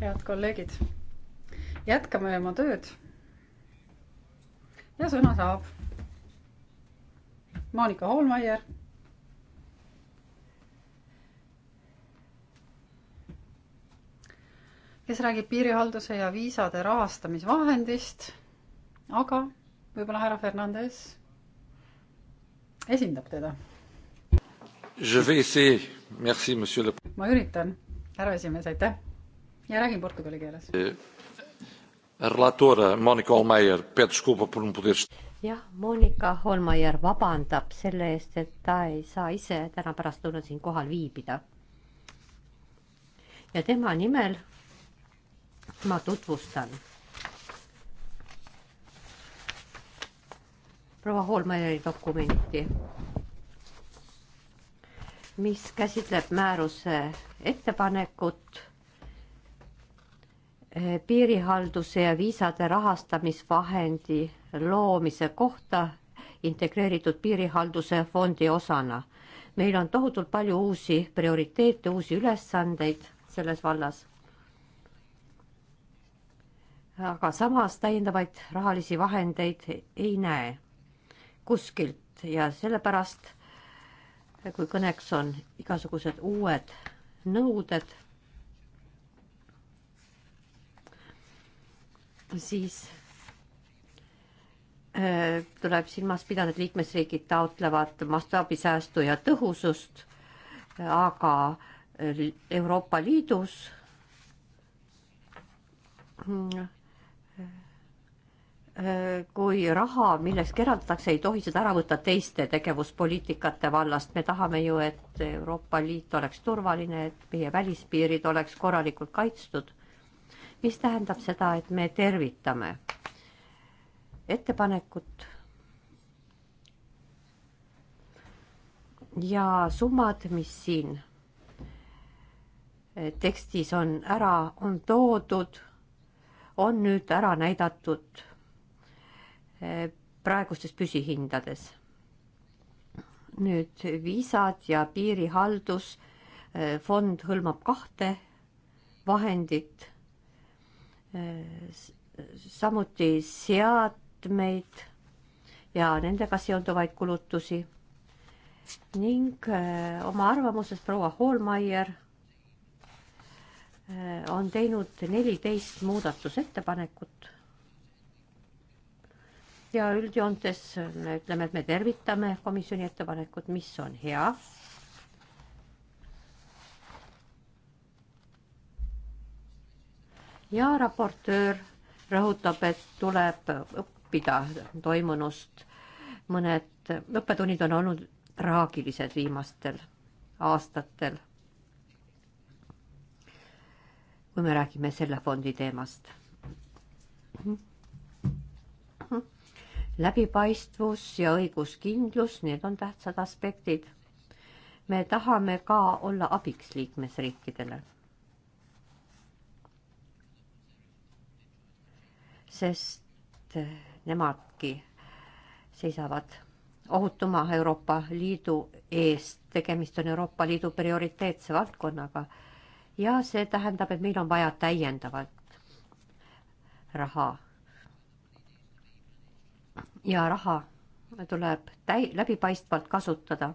head kolleegid, jätkame oma tööd. ja sõna saab Monika Hoolmeier. kes räägib piirihalduse ja viisade rahastamisvahendist, aga võib-olla härra Fernandes esindab teda. ma üritan, härra esimees, aitäh ja räägin portugali keeles. Eh, relatora Monika Olmeier, pead desculpa por não poder. jah, Monika Olmeier vabandab selle eest, et ta ei saa ise täna pärast tulnud siin kohal viibida. ja tema nimel ma tutvustan. proua Holmeri dokumenti, mis käsitleb määruse ettepanekut Eh, piirihalduse ja viisade rahastamisvahendi loomise kohta integreeritud piirihalduse fondi osana. meil on tohutult palju uusi prioriteete, uusi ülesandeid selles vallas. aga samas täiendavaid rahalisi vahendeid ei näe kuskilt ja sellepärast, kui kõneks on igasugused uued nõuded siis äh, tuleb silmas pidada, et liikmesriigid taotlevad mastaabisäästu ja tõhusust, aga äh, Euroopa Liidus äh, kui raha, milleks eraldatakse, ei tohi seda ära võtta teiste tegevuspoliitikate vallast, me tahame ju, et Euroopa Liit oleks turvaline, et meie välispiirid oleks korralikult kaitstud mis tähendab seda, et me tervitame ettepanekut. ja summad, mis siin eh, tekstis on ära, on toodud, on nüüd ära näidatud eh, praegustes püsihindades nüüd viisad ja piirihaldus. Eh, fond hõlmab kahte vahendit samuti seadmeid ja nendega seonduvaid kulutusi ning äh, oma arvamuses proua Hoolmeier äh, on teinud neliteist muudatusettepanekut. ja üldjoontes me ütleme, et me tervitame komisjoni ettepanekut, mis on hea ja raportöör rõhutab, et tuleb õppida toimunust. mõned õppetunnid on olnud traagilised viimastel aastatel. kui me räägime selle fondi teemast. läbipaistvus ja õiguskindlus, need on tähtsad aspektid. me tahame ka olla abiks liikmesriikidele sest eh, nemadki seisavad ohutuma Euroopa Liidu eest. tegemist on Euroopa Liidu prioriteetse valdkonnaga ja see tähendab, et meil on vaja täiendavalt raha. ja raha tuleb täi-, läbipaistvalt kasutada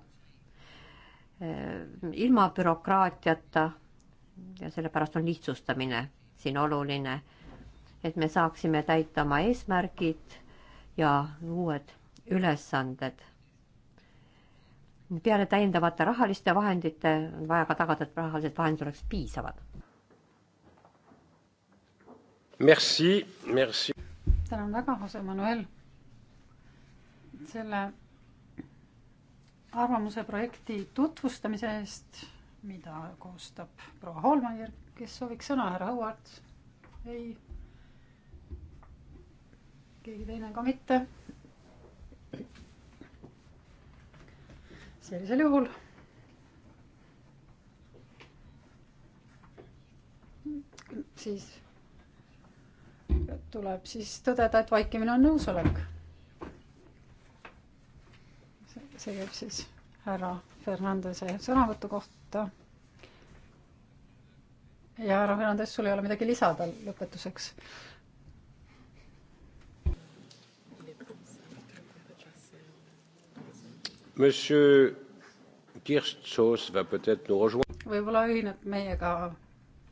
eh, ilma bürokraatiata ja sellepärast on lihtsustamine siin oluline et me saaksime täita oma eesmärgid ja uued ülesanded. peale täiendavate rahaliste vahendite on vaja ka tagada, et rahalised vahendid oleks piisavad. Merci, merci. tänan väga, Jose Manuel, selle arvamuse projekti tutvustamise eest, mida koostab proua Holmeier, kes sooviks sõna, härra Howard? ei keegi teine ka mitte. sellisel juhul siis tuleb siis tõdeda, et vaikimine on nõusolek. see käib siis härra Fernandese sõnavõtu kohta. ja härra Fernandes, sul ei ole midagi lisada lõpetuseks? Monsieur Kirstsos va peut-être nous rejoindre. võib-olla ühineb meiega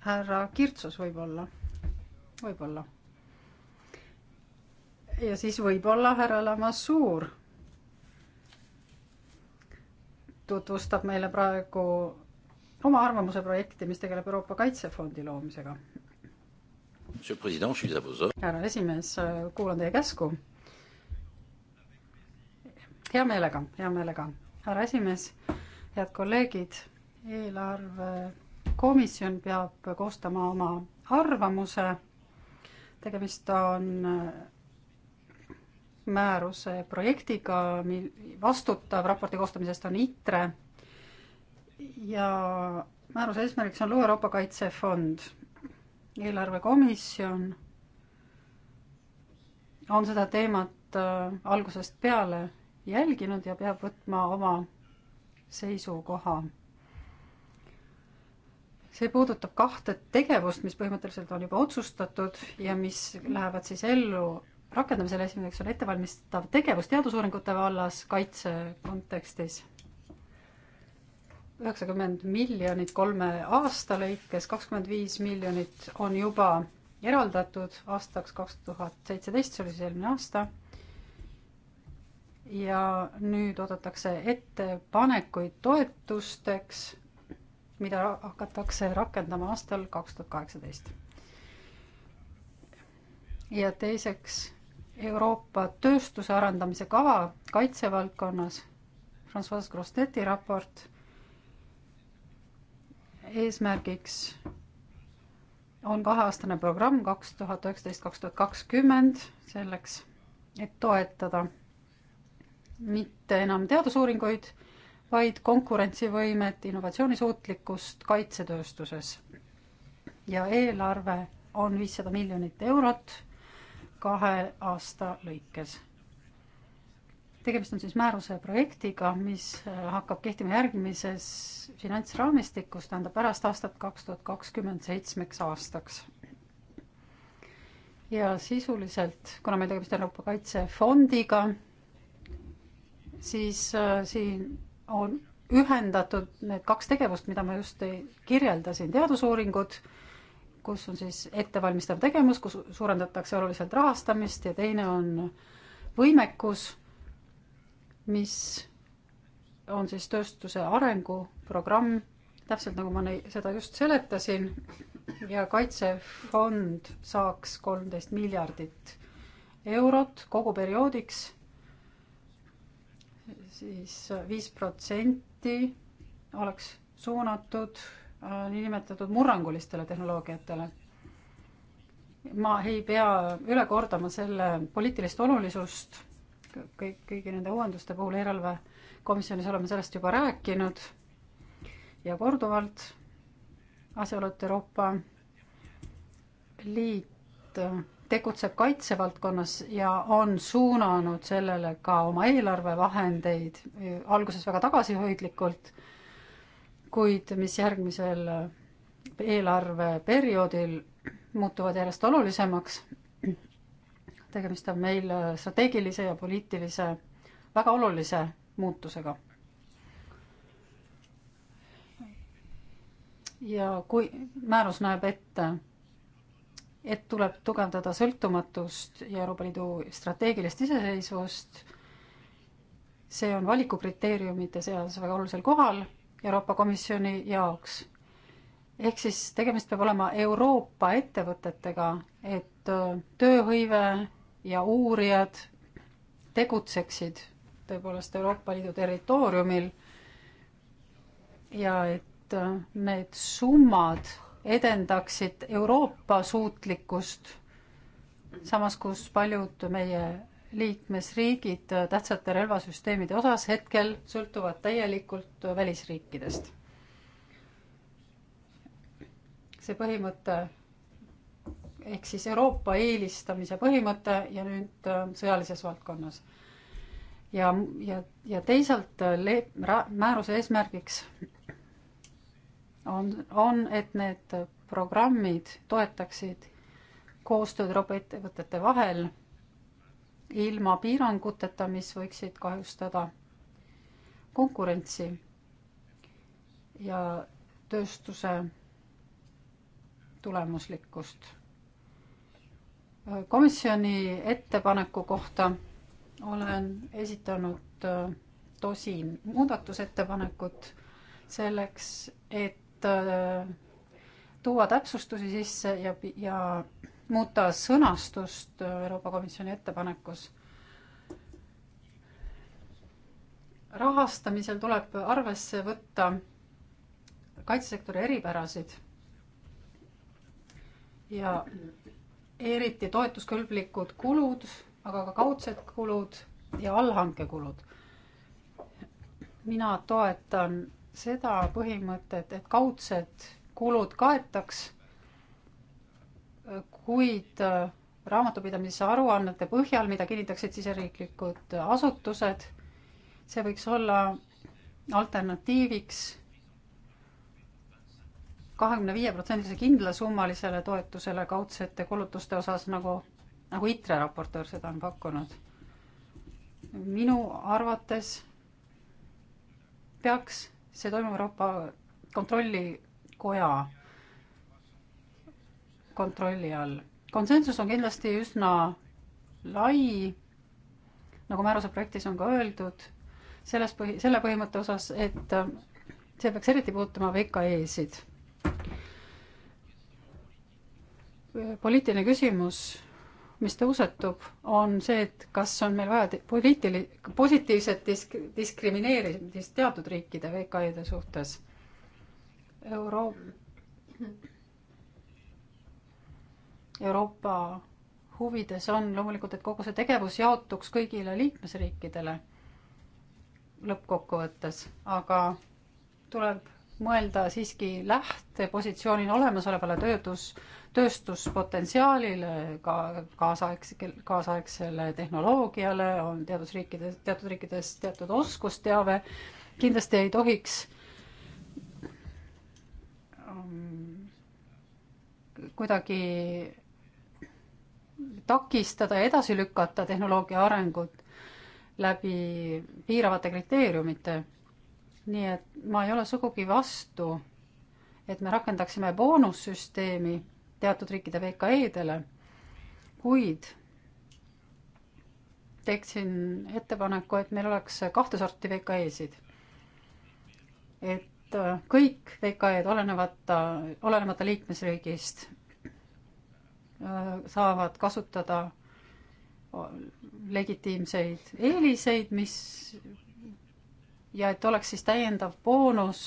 härra Kirtsos võib-olla, võib-olla. ja siis võib-olla härra Lamassuur tutvustab meile praegu oma arvamuse projekti, mis tegeleb Euroopa Kaitsefondi loomisega. härra esimees, kuulan teie käsku hea meelega, hea meelega, härra esimees, head kolleegid, eelarvekomisjon peab koostama oma arvamuse, tegemist on äh, määruse projektiga, mil vastutav raporti koostamisest on ITRE ja määruse eesmärgiks on luua Euroopa Kaitsefond. eelarvekomisjon on seda teemat äh, algusest peale jälginud ja peab võtma oma seisukoha. see puudutab kahte tegevust, mis põhimõtteliselt on juba otsustatud ja mis lähevad siis ellu rakendamisele, esimeseks on ettevalmistav tegevus teadusuuringute vallas kaitse kontekstis. üheksakümmend miljonit kolme aasta lõikes, kakskümmend viis miljonit on juba eraldatud aastaks kaks tuhat seitseteist, see oli siis eelmine aasta ja nüüd oodatakse ettepanekuid toetusteks, mida hakatakse rakendama aastal kaks tuhat kaheksateist. ja teiseks Euroopa tööstuse arendamise kava kaitsevaldkonnas, Francois Grosteti raport, eesmärgiks on kaheaastane programm kaks tuhat üheksateist, kaks tuhat kakskümmend selleks, et toetada mitte enam teadusuuringuid, vaid konkurentsivõimet, innovatsioonisuutlikkust kaitsetööstuses. ja eelarve on viissada miljonit eurot kahe aasta lõikes. tegemist on siis määruse projektiga, mis hakkab kehtima järgmises finantsraamistikus, tähendab pärast aastat kaks tuhat kakskümmend seitsmeks aastaks ja sisuliselt, kuna meil tegemist on Euroopa Kaitsefondiga, siis äh, siin on ühendatud need kaks tegevust, mida ma just kirjeldasin, teadusuuringud, kus on siis ettevalmistav tegevus, kus suurendatakse oluliselt rahastamist ja teine on võimekus, mis on siis tööstuse arenguprogramm, täpselt nagu ma neid, seda just seletasin, ja Kaitsefond saaks kolmteist miljardit eurot kogu perioodiks siis viis protsenti oleks suunatud äh, niinimetatud murrangulistele tehnoloogiatele. ma ei pea üle kordama selle poliitilist olulisust kõik, kõigi nende uuenduste puhul eelarvekomisjonis oleme sellest juba rääkinud ja korduvalt asjaolu, et Euroopa Liit äh, tegutseb kaitsevaldkonnas ja on suunanud sellele ka oma eelarvevahendeid, alguses väga tagasihoidlikult, kuid mis järgmisel eelarveperioodil muutuvad järjest olulisemaks. tegemist on meil strateegilise ja poliitilise väga olulise muutusega. ja kui määrus näeb ette et tuleb tugevdada sõltumatust ja Euroopa Liidu strateegilist iseseisvust. see on valikukriteeriumite seas väga olulisel kohal Euroopa Komisjoni jaoks. ehk siis tegemist peab olema Euroopa ettevõtetega, et äh, tööhõive ja uurijad tegutseksid tõepoolest Euroopa Liidu territooriumil ja et äh, need summad edendaksid Euroopa suutlikkust, samas kus paljud meie liikmesriigid tähtsate relvasüsteemide osas hetkel sõltuvad täielikult välisriikidest. see põhimõte ehk siis Euroopa eelistamise põhimõte ja nüüd äh, sõjalises valdkonnas. ja, ja, ja teisalt le-, määruse eesmärgiks on, on, et need programmid toetaksid koostööd Euroopa ettevõtete vahel ilma piiranguteta, mis võiksid kahjustada konkurentsi ja tööstuse tulemuslikkust. komisjoni ettepaneku kohta olen esitanud äh, tosin muudatusettepanekut selleks, et et äh, tuua täpsustusi sisse ja, ja muuta sõnastust äh, Euroopa Komisjoni ettepanekus. rahastamisel tuleb arvesse võtta kaitsesektori eripärasid ja eriti toetuskõlblikud kulud, aga ka kaudsed kulud ja allhankekulud. mina toetan seda põhimõtet, et kaudsed kulud kaetaks, kuid äh, raamatupidamise aruannete põhjal, mida kinnitaksid siseriiklikud asutused, see võiks olla alternatiiviks kahekümne viie protsendilise kindlasummalisele toetusele kaudsete kulutuste osas, nagu, nagu ITRE raportöör seda on pakkunud. minu arvates peaks see toimub Euroopa Kontrollikoja kontrolli all. konsensus on kindlasti üsna lai, nagu määruse projektis on ka öeldud, selles põhi, selle põhimõtte osas, et äh, see peaks eriti puudutama VKE-sid. poliitiline küsimus mis tõusetub, on see, et kas on meil vaja poliitili-, positiivset disk-, diskrimineerimist teatud riikide VKI-de suhtes. Euro-, Euroopa huvides on loomulikult, et kogu see tegevus jaotuks kõigile liikmesriikidele lõppkokkuvõttes, aga tuleb mõelda siiski lähtepositsioonil olemasolevale töötus, tööstuspotentsiaalile, ka kaasaegsel, kaasaegsele tehnoloogiale, on teadusriikides, teatud riikides teatud oskusteave, kindlasti ei tohiks ähm, kuidagi takistada ja edasi lükata tehnoloogia arengut läbi piiravate kriteeriumite nii et ma ei ole sugugi vastu, et me rakendaksime boonussüsteemi teatud riikide VKE-dele, kuid teeksin ettepaneku, et meil oleks kahte sorti VKE-sid. et äh, kõik VKE-d, olenemata, olenemata liikmesriigist, äh, saavad kasutada äh, legitiimseid eeliseid, mis ja et oleks siis täiendav boonus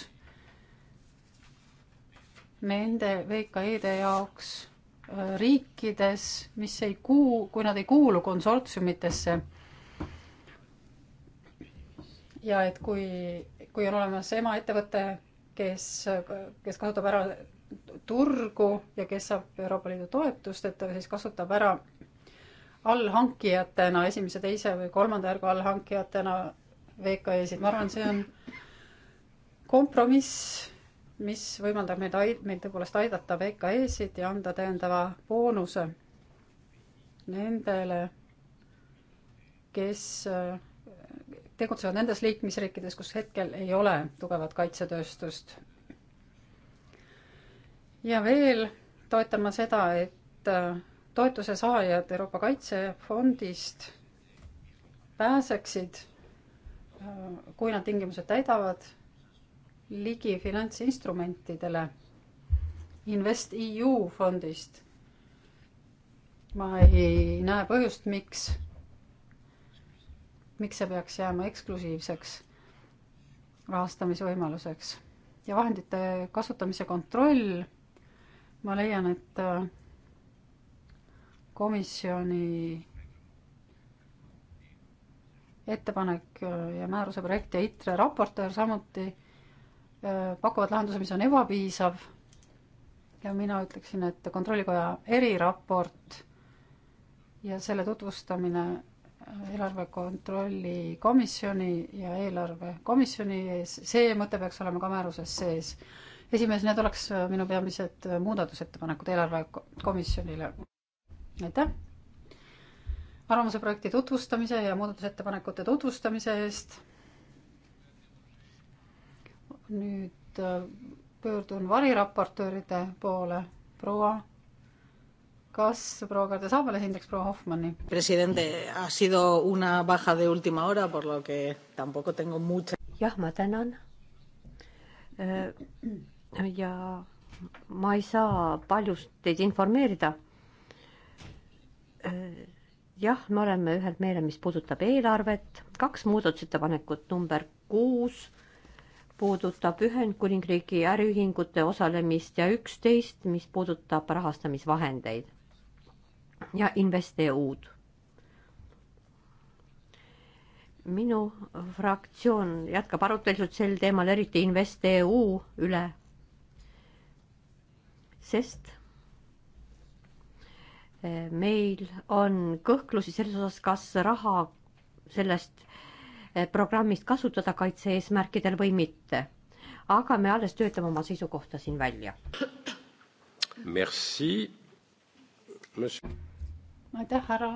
nende VKE-de jaoks äh, riikides, mis ei kuu-, kui nad ei kuulu konsortsiumitesse. ja et kui, kui on olemas emaettevõte, kes, kes kasutab ära turgu ja kes saab Euroopa Liidu toetust, et ta siis kasutab ära allhankijatena, esimese, teise või kolmanda järgu allhankijatena VKE-sid, ma arvan, see on kompromiss, mis võimaldab meid ai-, meil tõepoolest aidata VKE-sid ja anda täiendava boonuse nendele, kes tegutsevad nendes liikmesriikides, kus hetkel ei ole tugevat kaitsetööstust. ja veel toetan ma seda, et toetuse saajad Euroopa Kaitsefondist pääseksid kui nad tingimused täidavad, ligi finantsinstrumentidele InvestEU fondist. ma ei näe põhjust, miks, miks see peaks jääma eksklusiivseks rahastamisvõimaluseks ja vahendite kasutamise kontroll, ma leian, et äh, komisjoni ettepanek äh, ja määruse projekt ja ITRE raportöör samuti äh, pakuvad lahenduse, mis on ebapiisav. ja mina ütleksin, et Kontrollikoja eriraport ja selle tutvustamine äh, eelarve kontrolli komisjoni ja eelarve komisjoni ees, see mõte peaks olema ka määruses sees. esimees, need oleks minu peamised muudatusettepanekud eelarve komisjonile. aitäh! arvamuse projekti tutvustamise ja muudatusettepanekute tutvustamise eest. nüüd äh, pöördun variraportööride poole, proua kas proua Karde Saabal esindaks proua Hoffmanni? presidente, ha sido una baja de última hora, por lo que tampoco tengo mucha. jah, ma tänan. Äh, ja ma ei saa paljust teid informeerida äh, jah, me oleme ühel meelel, mis puudutab eelarvet, kaks muudatusettepanekut, number kuus puudutab Ühendkuningriigi äriühingute osalemist ja üksteist, mis puudutab rahastamisvahendeid ja investeeud. minu fraktsioon jätkab arutelusid sel teemal, eriti investeeu üle, sest meil on kõhklusi selles osas, kas raha sellest eh, programmist kasutada kaitse-eesmärkidel või mitte. aga me alles töötame oma seisukohta siin välja. Merci. aitäh, härra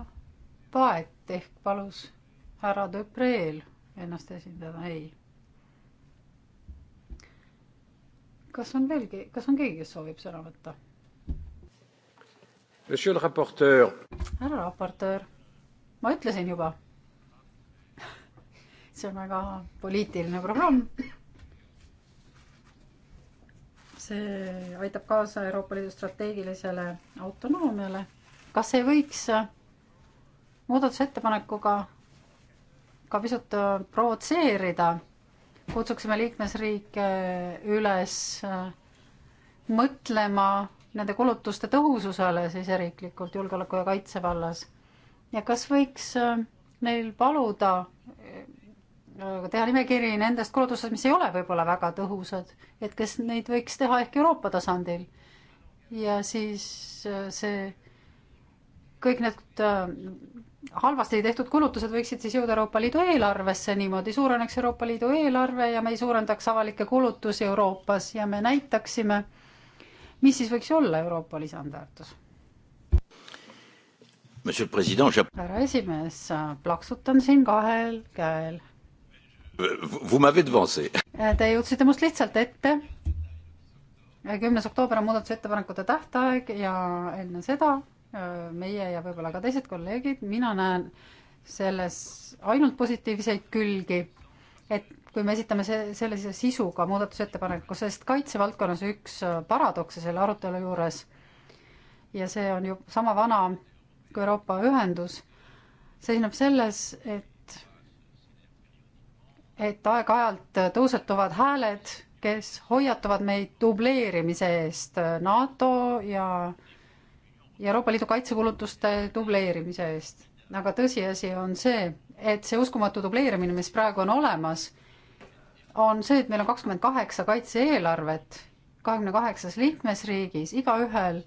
Paet ehk palus härra Depreel ennast esindada, ei. kas on veelgi, kas on keegi, kes soovib sõna võtta? härra raportöör, ma ütlesin juba. see on väga poliitiline programm. see aitab kaasa Euroopa Liidu strateegilisele autonoomiale. kas ei võiks muudatusettepanekuga ka pisut provotseerida? kutsuksime liikmesriike üles mõtlema nende kulutuste tõhususele siseriiklikult julgeoleku ja kaitse vallas. ja kas võiks neil äh, paluda äh, teha nimekiri nendest kulutustest, mis ei ole võib-olla väga tõhusad, et kas neid võiks teha ehk Euroopa tasandil. ja siis äh, see, kõik need halvasti tehtud kulutused võiksid siis jõuda Euroopa Liidu eelarvesse, niimoodi suureneks Euroopa Liidu eelarve ja me ei suurendaks avalikke kulutusi Euroopas ja me näitaksime mis siis võiks olla Euroopa lisandväärtus? härra esimees, plaksutan siin kahel käel. Te jõudsite must lihtsalt ette. kümnes oktoober on muudatusettepanekute tähtaeg ja enne seda äh, meie ja võib-olla ka teised kolleegid, mina näen selles ainult positiivseid külgi, et kui me esitame see, sellise sisuga muudatusettepaneku, sest kaitsevaldkonnas üks äh, paradokse selle arutelu juures ja see on ju sama vana kui Euroopa ühendus, seisneb selles, et, et aeg-ajalt tõusetuvad hääled, kes hoiatavad meid dubleerimise eest äh, NATO ja Euroopa Liidu kaitsekulutuste dubleerimise eest. aga tõsiasi on see, et see uskumatu dubleerimine, mis praegu on olemas, on see, et meil on kakskümmend kaheksa kaitse-eelarvet kahekümne kaheksas liikmesriigis, igaühel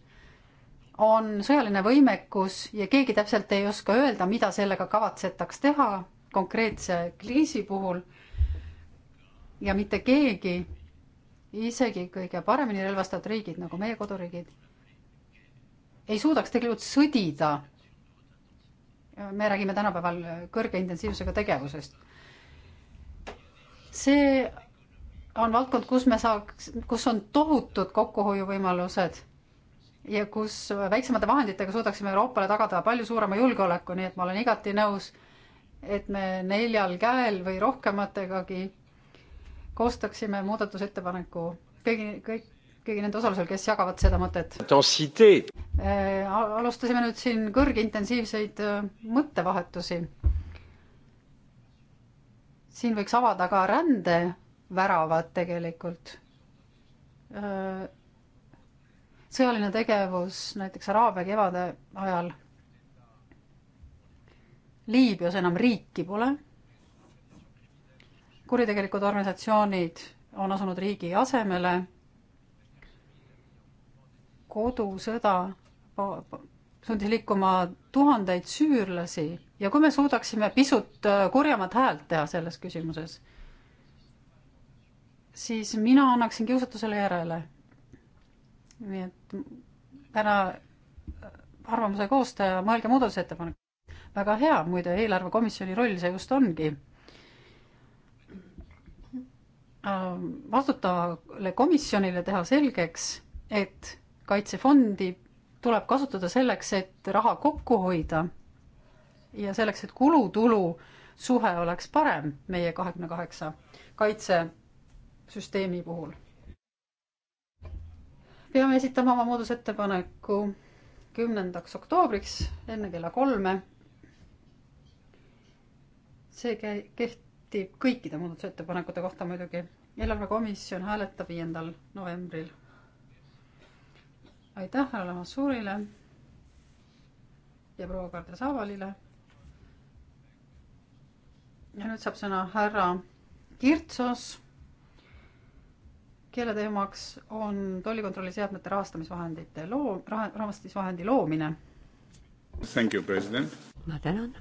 on sõjaline võimekus ja keegi täpselt ei oska öelda, mida sellega kavatsetaks teha konkreetse kriisi puhul. ja mitte keegi, isegi kõige paremini relvastatud riigid nagu meie koduriigid, ei suudaks tegelikult sõdida. me räägime tänapäeval kõrge intensiivsusega tegevusest see on valdkond, kus me saaks, kus on tohutud kokkuhoiuvõimalused ja kus väiksemate vahenditega suudaksime Euroopale tagada palju suurema julgeoleku, nii et ma olen igati nõus, et me neljal käel või rohkemategagi koostaksime muudatusettepaneku kõigi, kõik, kõigi nende osalusel, kes jagavad seda mõtet. Äh, alustasime nüüd siin kõrgintensiivseid äh, mõttevahetusi siin võiks avada ka rändeväravad tegelikult. sõjaline tegevus näiteks Araabia kevade ajal. Liibüas enam riiki pole. kuritegelikud organisatsioonid on asunud riigi asemele kodusõda sundis liikuma tuhandeid süürlasi ja kui me suudaksime pisut äh, kurjemat häält teha selles küsimuses, siis mina annaksin kiusatusele järele. nii et täna äh, arvamuse koostaja, mõelge muudatusettepanek. väga hea, muide, eelarvekomisjoni roll see just ongi. Äh, vastutavale komisjonile teha selgeks, et kaitsefondi tuleb kasutada selleks, et raha kokku hoida ja selleks, et kulutulu suhe oleks parem meie kahekümne kaheksa kaitsesüsteemi puhul. peame esitama oma muudusettepaneku kümnendaks oktoobriks enne kella kolme. see käi-, kehtib kõikide muudatusettepanekute kohta muidugi. eelarvekomisjon hääletab viiendal novembril aitäh härra Lamassuurile ja proua Karda Saavalile. ja nüüd saab sõna härra Kirtsos, kelle teemaks on tollikontrolli seadmete rahastamisvahendite loo, raha, rahastamisvahendi loomine. Thank you, president. ma tänan.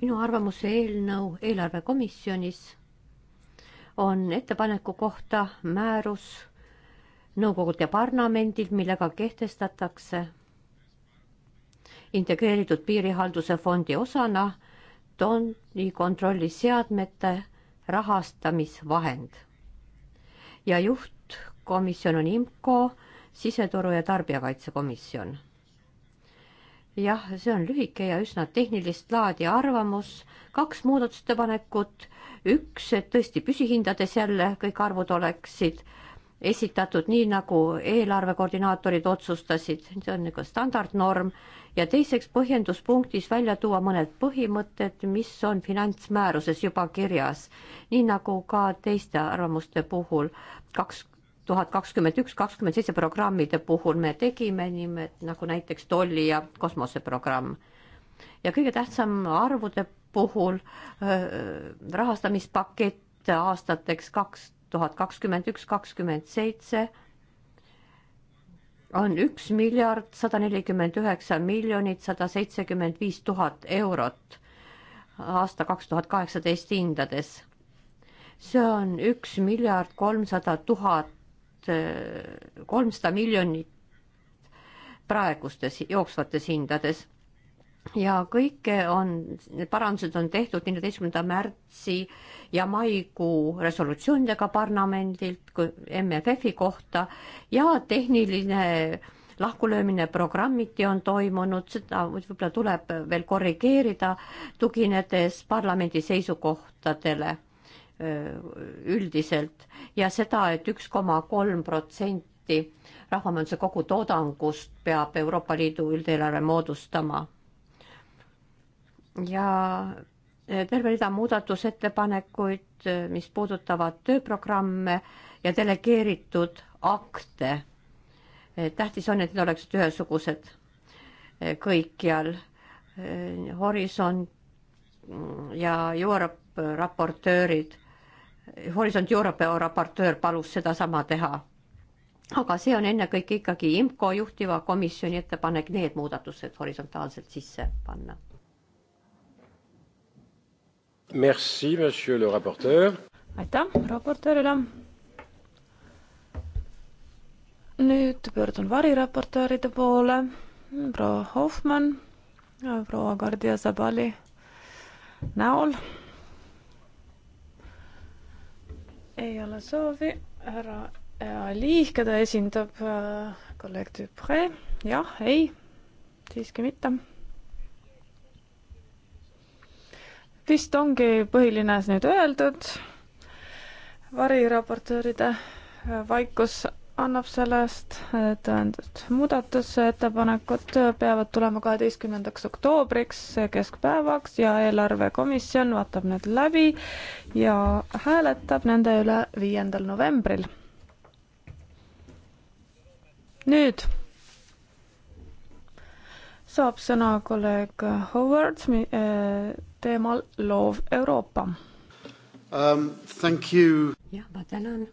minu arvamuse eelnõu eelarvekomisjonis on ettepaneku kohta määrus nõukogult ja parlamendilt, millega kehtestatakse integreeritud piirihalduse fondi osana tonni kontrolliseadmete rahastamisvahend. ja juhtkomisjon on IMCO, siseturu ja tarbijakaitsekomisjon. jah, see on lühike ja üsna tehnilist laadi arvamus, kaks muudatusettepanekut, üks, et tõesti püsihindades jälle kõik arvud oleksid äh, esitatud nii, nagu eelarvekoordinaatorid otsustasid, see on niisugune standardnorm, ja teiseks põhjenduspunktis välja tuua mõned põhimõtted, mis on finantsmääruses juba kirjas, nii nagu ka teiste arvamuste puhul, kaks tuhat kakskümmend üks, kakskümmend seitse programmide puhul me tegime nii, nagu näiteks tolli ja kosmoseprogramm. ja kõige tähtsam arvude puhul äh, rahastamispakett aastateks kaks tuhat kakskümmend üks, kakskümmend seitse on üks miljard sada nelikümmend üheksa miljonit sada seitsekümmend viis tuhat eurot aasta kaks tuhat kaheksateist hindades. see on üks miljard kolmsada tuhat, kolmsada miljonit praegustes jooksvates hindades ja kõike on, need parandused on tehtud neljateistkümnenda märtsi ja maikuu resolutsioonidega parlamendilt MFF-i kohta ja tehniline lahkulöömine programmiti on toimunud, seda võib-olla tuleb veel korrigeerida, tuginedes parlamendi seisukohtadele üldiselt ja seda et, et üks koma kolm protsenti rahvamajanduse kogutoodangust peab Euroopa Liidu üldeelarve moodustama ja eh, terve rida muudatusettepanekuid, eh, mis puudutavad tööprogramme ja delegeeritud akte. Eh, tähtis on, et need oleksid ühesugused kõikjal. Horisont ja Europe raportöörid, Horisont Europe raportöör palus sedasama teha. aga see on ennekõike ikkagi IMCO juhtiva komisjoni ettepanek, need muudatused horisontaalselt sisse panna Merci, monsieur le raporteur. aitäh raportöörile. nüüd pöördun variraportööride poole. proua Hoffmann, proua Gardia Zabali näol. ei ole soovi, härra Ali, keda esindab äh, kolleeg Dupre, jah, ei, siiski mitte vist ongi põhiline nüüd öeldud. variraportööride äh, vaikus annab sellest äh, tõendust. muudatusettepanekud äh, peavad tulema kaheteistkümnendaks oktoobriks keskpäevaks ja eelarvekomisjon vaatab need läbi ja hääletab nende üle viiendal novembril. nüüd saab sõna kolleeg Howard äh, teemal Loov Euroopa um,. jah, ma tänan,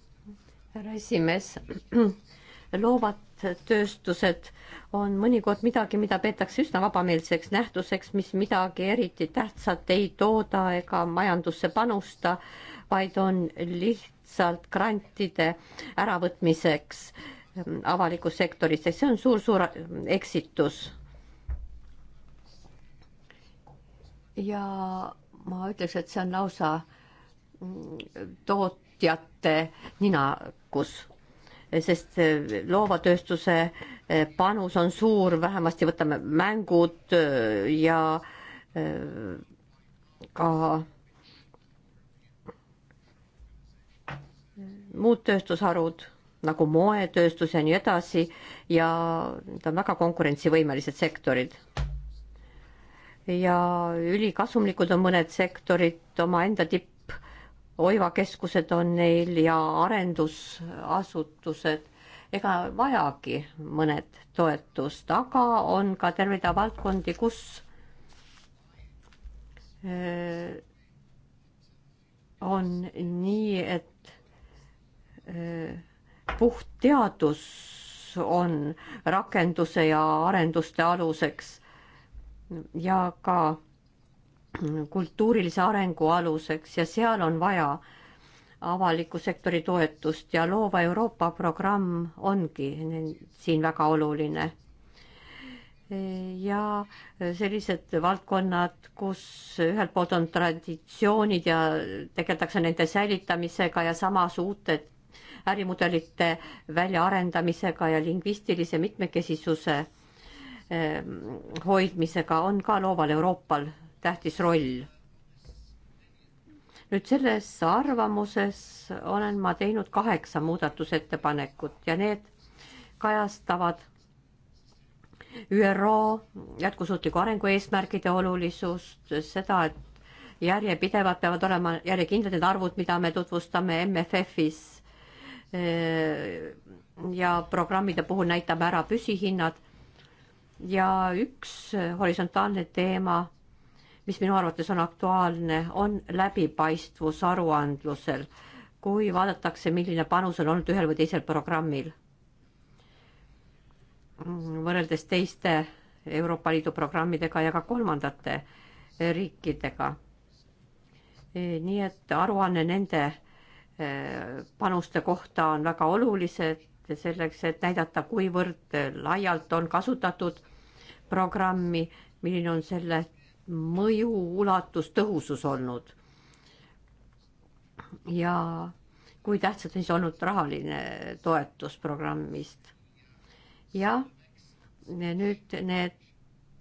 härra esimees. loovad tööstused on mõnikord midagi, mida peetakse üsna vabameelseks nähtuseks, mis midagi eriti tähtsat ei tooda ega majandusse panusta, vaid on lihtsalt grantide äravõtmiseks ähm, avalikus sektoris ja see on suur-suur eksitus ja ma ütleks, et see on lausa mm, tootjate ninakus, sest eh, loovatööstuse eh, panus on suur, vähemasti võtame mängud eh, ja ka muud tööstusharud nagu moetööstus ja nii edasi ja need on väga konkurentsivõimelised sektorid ja ülikasumlikud on mõned sektorid, omaenda tipphoivakeskused on neil ja arendusasutused ega vajagi mõned toetust, aga on ka terve rida valdkondi, kus on nii, et puht teadus on rakenduse ja arenduste aluseks ja ka kultuurilise arengu aluseks ja seal on vaja avaliku sektori toetust ja Loova Euroopa programm ongi siin väga oluline. ja sellised valdkonnad, kus ühelt poolt on traditsioonid ja tegeldakse nende säilitamisega ja samas uute ärimudelite väljaarendamisega ja lingvistilise mitmekesisuse Ehm, hoidmisega on ka looval Euroopal tähtis roll. nüüd selles arvamuses olen ma teinud kaheksa muudatusettepanekut ja need kajastavad ÜRO jätkusuutliku arengu eesmärkide olulisust, seda, et järjepidevad peavad olema järjekindlad need arvud, mida me tutvustame MFF-is ehm, ja programmide puhul näitame ära püsihinnad ja üks äh, horisontaalne teema, mis minu arvates on aktuaalne, on läbipaistvus aruandlusel, kui vaadatakse, milline panus on olnud ühel või teisel programmil mm, võrreldes teiste Euroopa Liidu programmidega ja ka kolmandate äh, riikidega. E, nii et aruanne nende äh, panuste kohta on väga olulised selleks, et näidata, kuivõrd laialt on kasutatud programmi, milline on selle mõju ulatus, tõhusus olnud. ja kui tähtsad siis olnud rahaline toetus programmist. jah, nüüd need,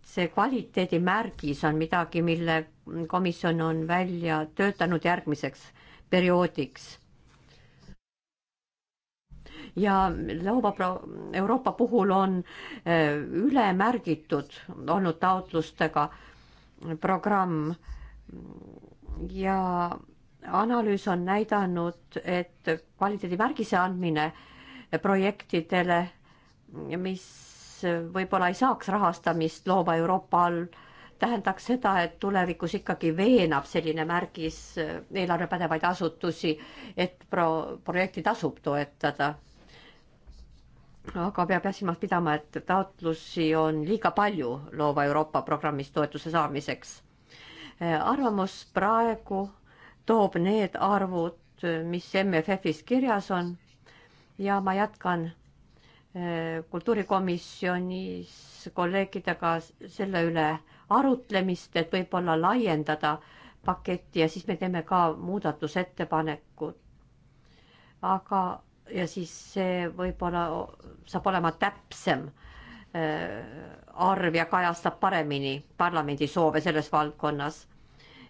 see kvaliteedimärgis on midagi, mille komisjon on välja töötanud järgmiseks perioodiks ja Lõuna Euroopa puhul on äh, ülemärgitud olnud taotlustega programm ja analüüs on näidanud, et kvaliteedimärgise andmine projektidele, mis võib-olla ei saaks rahastamist loova Euroopa all, tähendaks seda, et tulevikus ikkagi veenab selline märgis äh, eelarvepädevaid asutusi, et pro-, projekti tasub toetada aga peab jah silmas pidama, et taotlusi on liiga palju Loova Euroopa programmis toetuse saamiseks. Eh, arvamus praegu toob need arvud, mis MFF-is kirjas on ja ma jätkan eh, kultuurikomisjonis kolleegidega selle üle arutlemist, et võib-olla laiendada paketti ja siis me teeme ka muudatusettepanekud. aga ja siis see võib-olla saab olema täpsem äh, arv ja kajastab paremini parlamendi soove selles valdkonnas.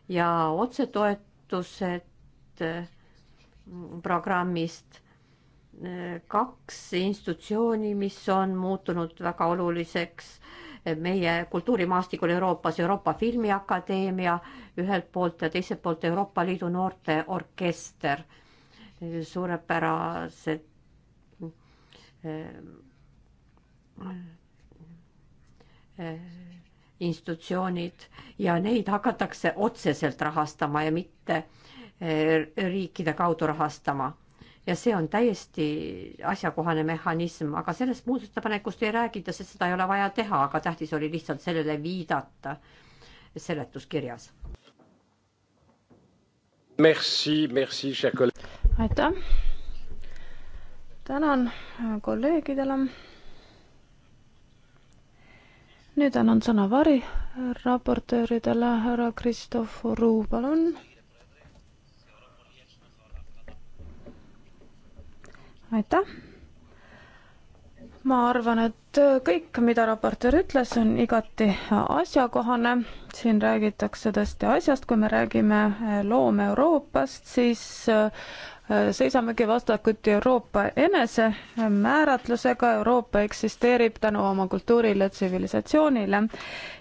ja otsetoetused äh, programmist äh, kaks institutsiooni, mis on muutunud väga oluliseks meie kultuurimaastikul Euroopas, Euroopa Filmiakadeemia ühelt poolt ja teiselt poolt Euroopa Liidu noorteorkester suurepärased eh, eh, institutsioonid ja neid hakatakse otseselt rahastama ja mitte eh, riikide kaudu rahastama. ja see on täiesti asjakohane mehhanism, aga sellest muudatusettepanekust ei räägita, sest seda ei ole vaja teha, aga tähtis oli lihtsalt sellele viidata seletuskirjas. Merci, merci, cher collègue aitäh. tänan äh, kolleegidele. nüüd annan sõna variraportööridele, härra Kristoforu, palun. aitäh ma arvan, et kõik, mida raportöör ütles, on igati asjakohane. siin räägitakse tõesti asjast, kui me räägime äh, loome Euroopast, siis äh, seisamegi vastakuti Euroopa enesemääratlusega, Euroopa eksisteerib tänu oma kultuurile, tsivilisatsioonile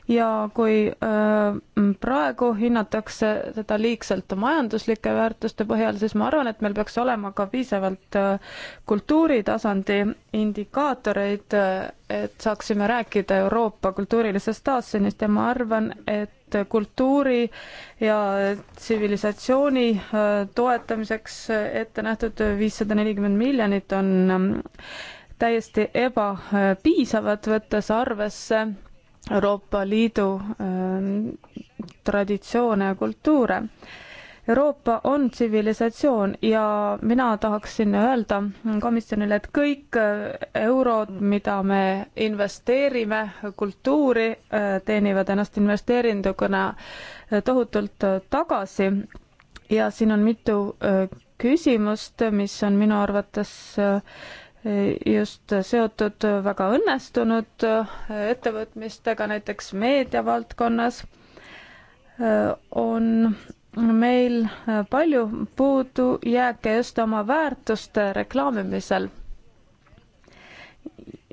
ja kui äh, praegu hinnatakse seda liigselt majanduslike väärtuste põhjal, siis ma arvan, et meil peaks olema ka piisavalt äh, kultuuritasandi indikaatoreid äh, et saaksime rääkida Euroopa kultuurilisest taastusest ja ma arvan, et kultuuri ja tsivilisatsiooni äh, toetamiseks ette nähtud viissada nelikümmend miljonit on ähm, täiesti ebapiisavad, võttes arvesse Euroopa Liidu ähm, traditsioone ja kultuure Euroopa on tsivilisatsioon ja mina tahaksin öelda komisjonile, et kõik äh, eurod, mida me investeerime kultuuri, äh, teenivad ennast investeeringuna äh, tohutult tagasi ja siin on mitu küsimust, mis on minu arvates just seotud väga õnnestunud ettevõtmistega, näiteks meediavaldkonnas on meil äh, palju puudujääke just oma väärtuste reklaamimisel.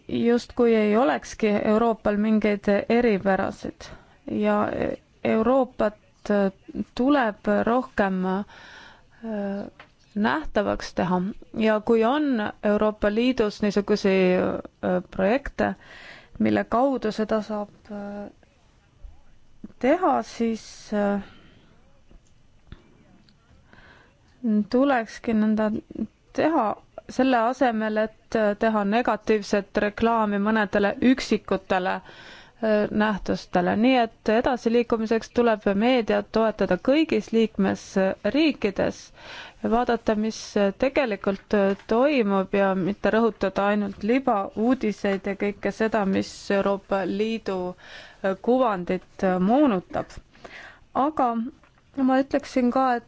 justkui ei olekski Euroopal mingeid eripärasid ja Euroopat äh, tuleb rohkem äh, nähtavaks teha ja kui on Euroopa Liidus niisuguseid projekte, mille kaudu seda saab teha, siis äh, tulekski nõnda teha selle asemel, et teha negatiivset reklaami mõnedele üksikutele äh, nähtustele, nii et edasiliikumiseks tuleb meediat toetada kõigis liikmesriikides ja vaadata, mis tegelikult toimub ja mitte rõhutada ainult libauudiseid ja kõike seda, mis Euroopa Liidu äh, kuvandit äh, moonutab. aga ma ütleksin ka, et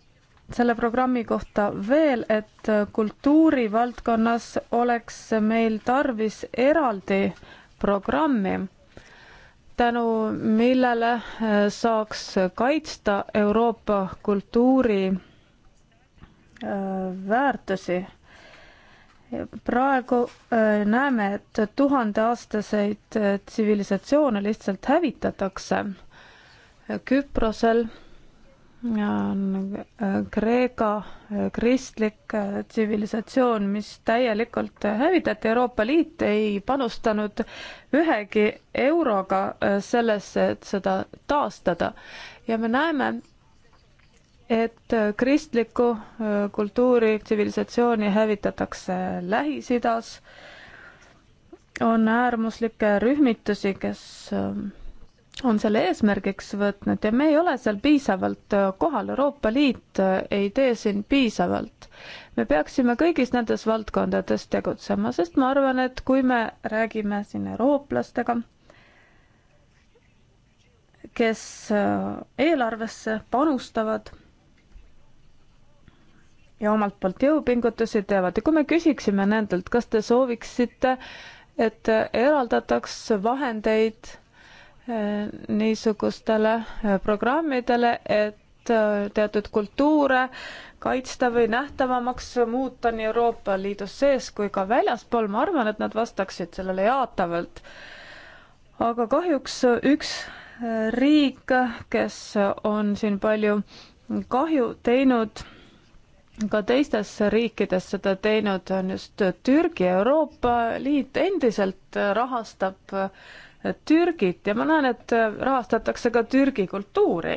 selle programmi kohta veel, et kultuurivaldkonnas oleks meil tarvis eraldi programmi, tänu millele äh, saaks kaitsta Euroopa kultuuri äh, väärtusi. praegu äh, näeme, et tuhandeaastaseid tsivilisatsioone lihtsalt hävitatakse Küprosel on äh, Kreeka äh, kristlik äh, tsivilisatsioon, mis täielikult hävitati, Euroopa Liit ei panustanud ühegi euroga sellesse, et seda taastada. ja me näeme, et kristlikku kultuuri, tsivilisatsiooni hävitatakse Lähis-Idas, on äärmuslikke rühmitusi, kes on selle eesmärgiks võtnud ja me ei ole seal piisavalt äh, kohal, Euroopa Liit äh, ei tee siin piisavalt. me peaksime kõigis nendes valdkondades tegutsema, sest ma arvan, et kui me räägime siin eurooplastega, kes äh, eelarvesse panustavad ja omalt poolt jõupingutusi teevad ja kui me küsiksime nendelt, kas te sooviksite, et eraldataks vahendeid Äh, niisugustele äh, programmidele, et äh, teatud kultuure kaitsta või nähtavamaks muuta nii Euroopa Liidus sees kui ka väljaspool, ma arvan, et nad vastaksid sellele jaatavalt. aga kahjuks üks riik, kes on siin palju kahju teinud, ka teistes riikides seda teinud, on just Türgi. Euroopa Liit endiselt rahastab Türgit ja ma näen, et rahastatakse ka Türgi kultuuri.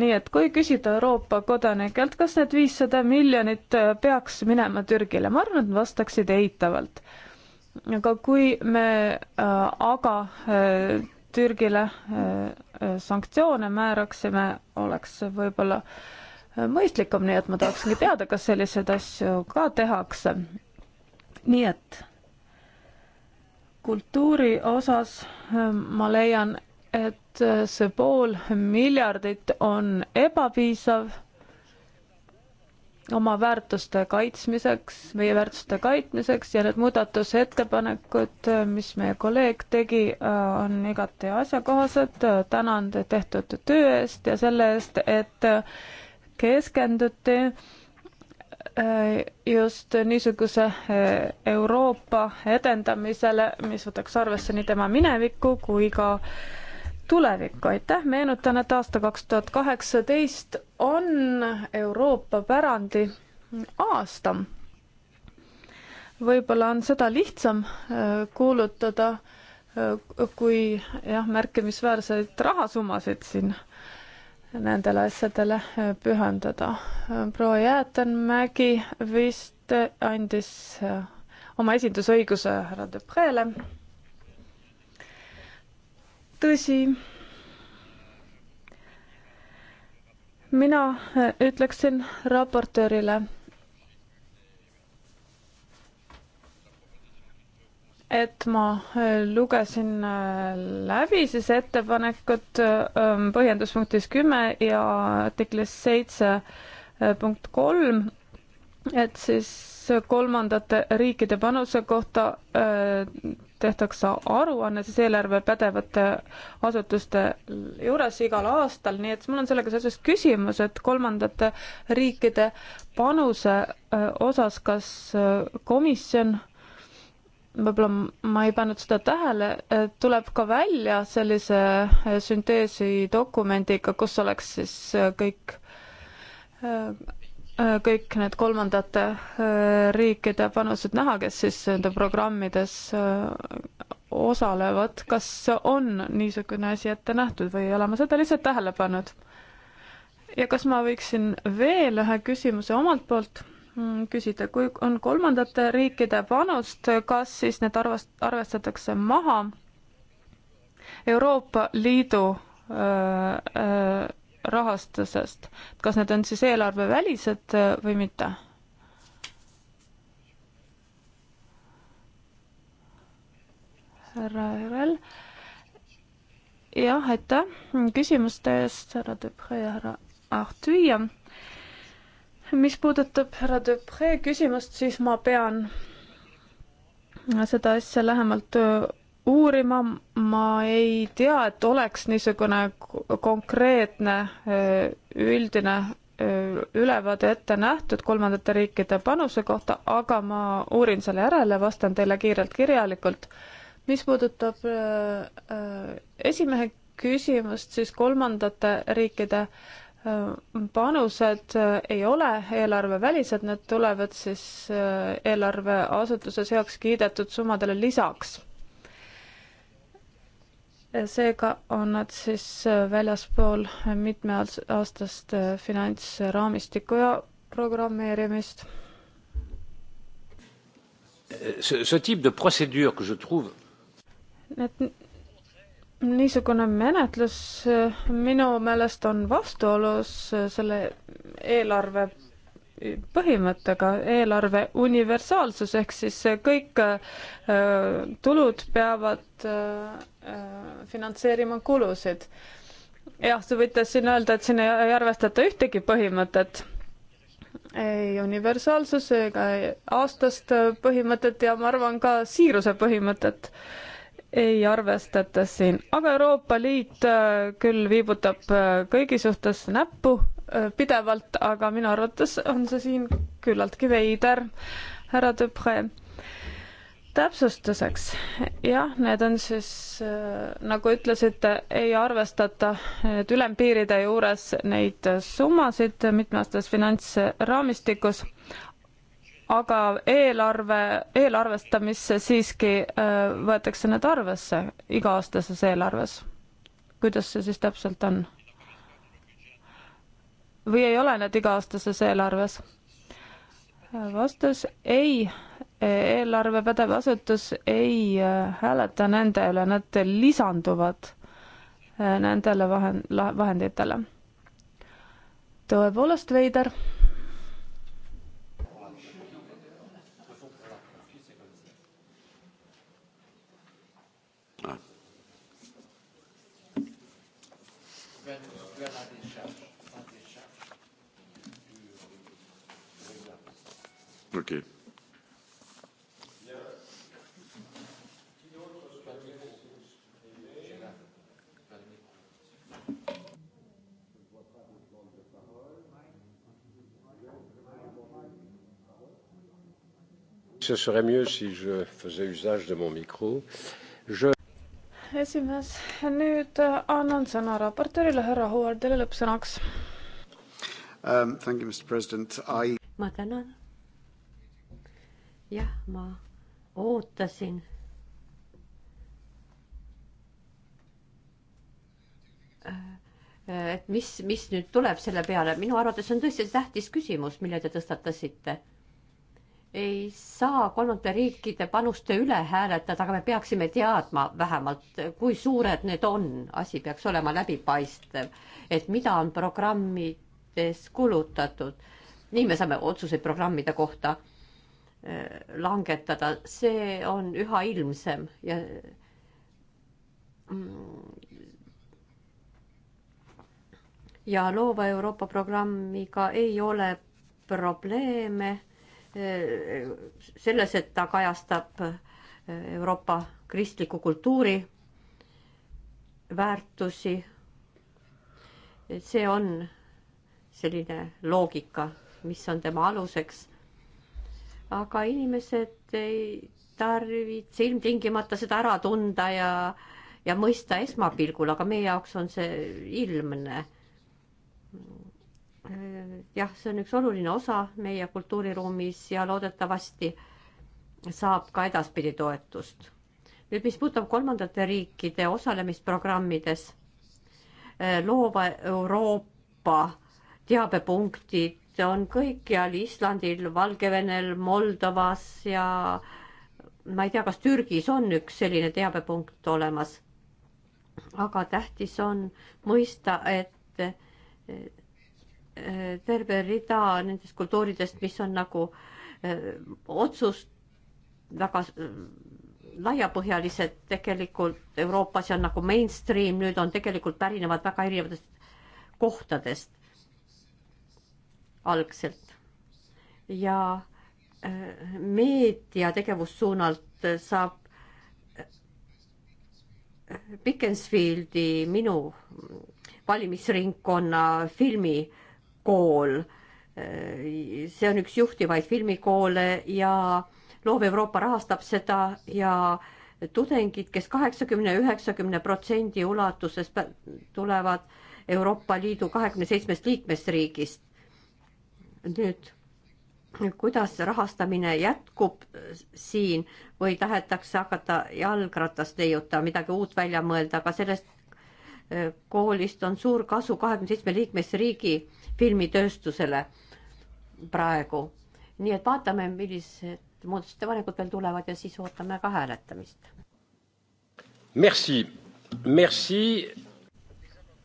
nii et kui küsida Euroopa kodanikelt, kas need viissada miljonit peaks minema Türgile, ma arvan, et nad vastaksid eitavalt. aga kui me äh, aga äh, Türgile äh, sanktsioone määraksime, oleks võib-olla äh, mõistlikum, nii et ma tahaksingi teada, kas selliseid asju ka tehakse. nii et kultuuri osas ehm, ma leian, et eh, see pool miljardit on ebapiisav oma väärtuste kaitsmiseks, meie väärtuste kaitsmiseks ja need muudatusettepanekud, eh, mis meie kolleeg tegi, eh, on igati asjakohased. tänan tehtud töö eest ja selle eest, et keskenduti äh, Äh, just niisuguse äh, Euroopa edendamisele, mis võtaks arvesse nii tema minevikku kui ka tulevikku, aitäh, meenutan, et aasta kaks tuhat kaheksateist on Euroopa pärandi aasta. võib-olla on seda lihtsam äh, kuulutada kui jah, märkimisväärseid rahasummasid siin nendele asjadele äh, pühendada. Äh, proua Jäätenmägi vist äh, andis oma esindusõiguse härra Debrele. tõsi, mina ütleksin raportöörile et ma äh, lugesin äh, läbi siis ettepanekut ähm, põhjenduspunktis kümme ja artiklis seitse äh, punkt kolm, et siis kolmandate riikide panuse kohta tehtakse aruanne siis eelarve pädevate asutuste juures igal aastal, nii et mul on sellega seoses küsimus, et kolmandate riikide panuse osas, kas komisjon võib-olla ma ei pannud seda tähele, tuleb ka välja sellise äh, sünteesi dokumendiga, kus oleks siis äh, kõik, äh, kõik need kolmandate riikide panused näha, kes siis nende programmides osalevad. kas on niisugune asi ette nähtud või ei ole ma seda lihtsalt tähele pannud? ja kas ma võiksin veel ühe küsimuse omalt poolt Hmm, küsida, kui on kolmandate riikide panust, kas siis need arvast-, arvestatakse maha Euroopa Liidu öö, öö, rahastusest, kas need on siis eelarvevälised või mitte? härra Jürel. jah, aitäh küsimuste eest, härra Debre ja härra Artüia mis puudutab härra Dupre küsimust, siis ma pean seda asja lähemalt äh, uurima, ma ei tea, et oleks niisugune konkreetne äh, üldine äh, ülevaade ette nähtud kolmandate riikide panuse kohta, aga ma uurin selle järele, vastan teile kiirelt kirjalikult. mis puudutab esimehe küsimust, siis kolmandate riikide Äh, panused äh, ei ole eelarvevälised, need tulevad siis äh, eelarveasutuses heaks kiidetud summadele lisaks. seega on nad siis väljaspool mitmeaastast finantsraamistikku ja programmeerimist. See, see tüüp de procedure, que je trouve. Need niisugune menetlus eh, minu meelest on vastuolus eh, selle eelarve põhimõttega, eelarve universaalsus, ehk siis eh, kõik tulud peavad finantseerima kulusid. jah, te võite siin öelda, et siin ei arvestata ühtegi põhimõtet ei universaalsuse ega aastast põhimõtet ja ma arvan ka siiruse põhimõtet ei arvestata siin, aga Euroopa Liit äh, küll viibutab äh, kõigi suhtes näppu äh, pidevalt, aga minu arvates on see siin küllaltki veider, härra Dupre. täpsustuseks, jah, need on siis, nagu ütlesite, ei arvestata nüüd ülempiiride juures neid summasid mitmeaastases finantsraamistikus aga eelarve, eelarvestamisse siiski äh, võetakse need arvesse iga-aastases eelarves. kuidas see siis täpselt on? või ei ole need iga-aastases eelarves? Äh, vastus ei, e, eelarve pädev asutus ei äh, hääleta nende üle, nad lisanduvad nendele vahend, vahenditele. tõepoolest veider Okay. Ce serait mieux si je faisais usage de mon micro. Je... esimees, nüüd äh, annan sõna raportöörile härra Howardile lõppsõnaks um,. I... ma tänan jah, ma ootasin. Äh, et mis, mis nüüd tuleb selle peale, minu arvates on tõesti tähtis küsimus, mille te tõstatasite. ei saa kolmandate riikide panuste üle hääletada, aga me peaksime teadma vähemalt, kui suured need on, asi peaks olema läbipaistev, et mida on programmides kulutatud. nii me saame otsuseid programmide kohta langetada, see on üha ilmsem ja ja loova Euroopa programmiga ei ole probleeme selles, et ta kajastab Euroopa kristliku kultuuri väärtusi. et see on selline loogika, mis on tema aluseks aga inimesed ei tarvitse ilmtingimata seda ära tunda ja, ja mõista esmapilgul, aga meie jaoks on see ilmne. jah, see on üks oluline osa meie kultuuriruumis ja loodetavasti saab ka edaspidi toetust. nüüd, mis puudutab kolmandate riikide osalemist programmides, eh, loova Euroopa teabepunktid on kõikjal Islandil, Valgevenel, Moldovas ja ma ei tea, kas Türgis on üks selline teabepunkt olemas. aga tähtis on mõista, et eh, terve rida nendest kultuuridest, mis on nagu öö, eh, otsust väga eh, laiapõhjalised tegelikult Euroopas ja on nagu mainstream, nüüd on tegelikult pärinevad väga erinevatest kohtadest algselt ja äh, meedia tegevussuunalt saab äh, Pikensfieldi minu valimisringkonna filmikool. Äh, see on üks juhtivaid filmikoole ja loov Euroopa rahastab seda ja tudengid kes, kes kaheksakümne, üheksakümne protsendi ulatuses tulevad Euroopa Liidu kahekümne seitsmest liikmesriigist nüüd, kuidas rahastamine jätkub äh, siin või tahetakse hakata jalgratast leiutama, midagi uut välja mõelda, aga sellest äh, koolist on suur kasu kahekümne seitsme liikmesriigi filmitööstusele praegu. nii et vaatame, millised muudatusettepanekud veel tulevad ja siis ootame ka hääletamist. Merci, merci.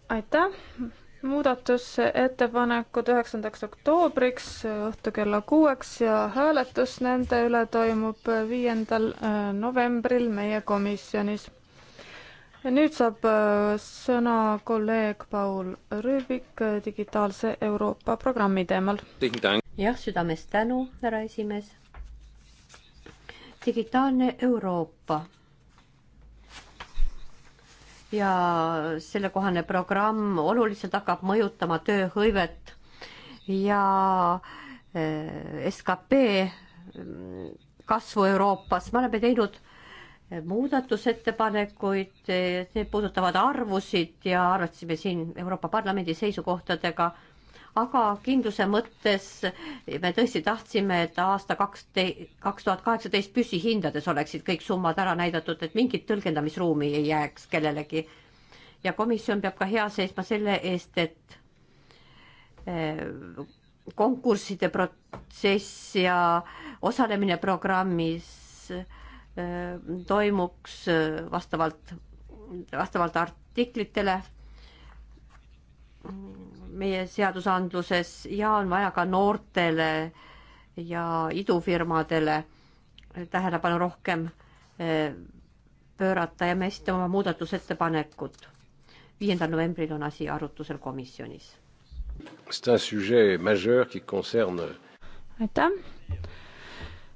aitäh muudatusettepanekud üheksandaks oktoobriks õhtu kella kuueks ja hääletus nende üle toimub viiendal äh, novembril meie komisjonis. nüüd saab äh, sõna kolleeg Paul Rüübik äh, digitaalse Euroopa programmi teemal. jah, südamest tänu, härra esimees. digitaalne Euroopa ja sellekohane programm oluliselt hakkab mõjutama tööhõivet ja eh, skp mm, kasvu Euroopas. me oleme teinud eh, muudatusettepanekuid, eh, need puudutavad arvusid ja arvestasime siin Euroopa Parlamendi seisukohtadega aga kindluse mõttes me tõesti tahtsime, et aasta kaks, kaks tuhat kaheksateist püsihindades oleksid kõik summad ära näidatud, et mingit tõlgendamisruumi ei jääks kellelegi. ja komisjon peab ka hea seisma selle eest, et eh, konkursside protsess ja osalemine programmis eh, toimuks eh, vastavalt, vastavalt artiklitele meie seadusandluses ja on vaja ka noortele ja idufirmadele tähelepanu rohkem eh, pöörata ja me esitame oma muudatusettepanekud. viiendal novembril on asi arutusel komisjonis. aitäh.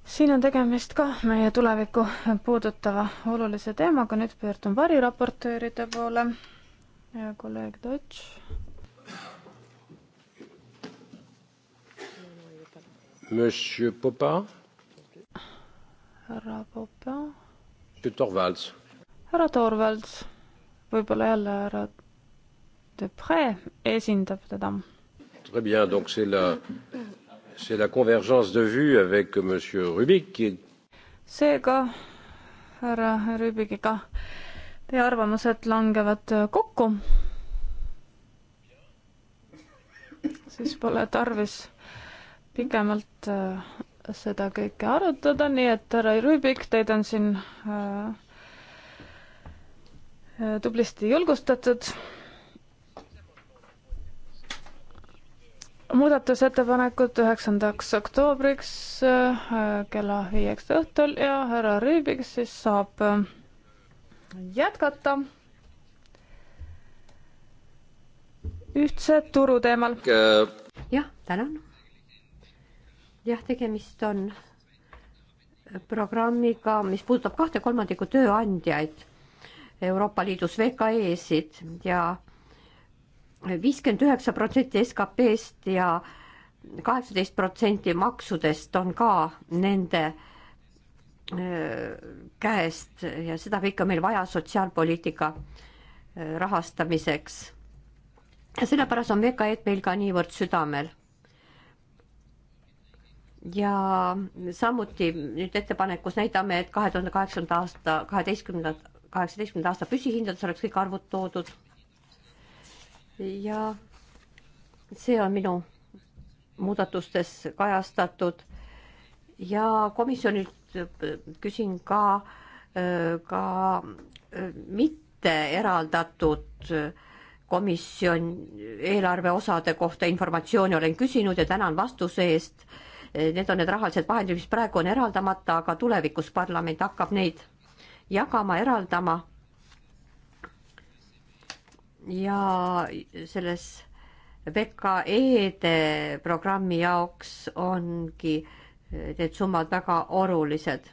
siin on tegemist ka meie tulevikku puudutava olulise teemaga, nüüd pöördun variraportööride poole. kolleeg Deutsch Monsieur Popa. härra Popa. Torvalds. härra Torvalds, võib-olla jälle härra Depre esindab teda. Très bien, donc c'est la, c'est la convergence de vue avec monsieur Rubik qui. seega härra Rubikiga teie arvamused langevad kokku. siis pole tarvis pikemalt äh, seda kõike arutada, nii et härra Rüübik, teid on siin äh, äh, tublisti julgustatud. muudatusettepanekud üheksandaks oktoobriks kella viieks õhtul ja härra Rüübik siis saab jätkata ühtse turu teemal. jah, tänan jah, tegemist on programmiga, mis puudutab kahte kolmandikku tööandjaid Euroopa Liidus VKE-sid ja viiskümmend üheksa protsenti SKP-st ja kaheksateist protsenti maksudest on ka nende käest ja seda kõike on meil vaja sotsiaalpoliitika rahastamiseks. sellepärast on VKE-d meil ka niivõrd südamel ja samuti nüüd ettepanekus näitame, et kahe tuhande kaheksanda aasta, kaheteistkümnenda, kaheksateistkümnenda aasta püsihindades oleks kõik arvud toodud. ja see on minu muudatustes kajastatud ja komisjonilt küsin ka, ka äh, mitte eraldatud komisjon eelarveosade kohta informatsiooni olen küsinud ja tänan vastuse eest Eh, need on need rahalised vahendid, mis praegu on eraldamata, aga tulevikus parlament hakkab neid jagama, eraldama. ja selles VKE-de programmi jaoks ongi eh, need summad väga olulised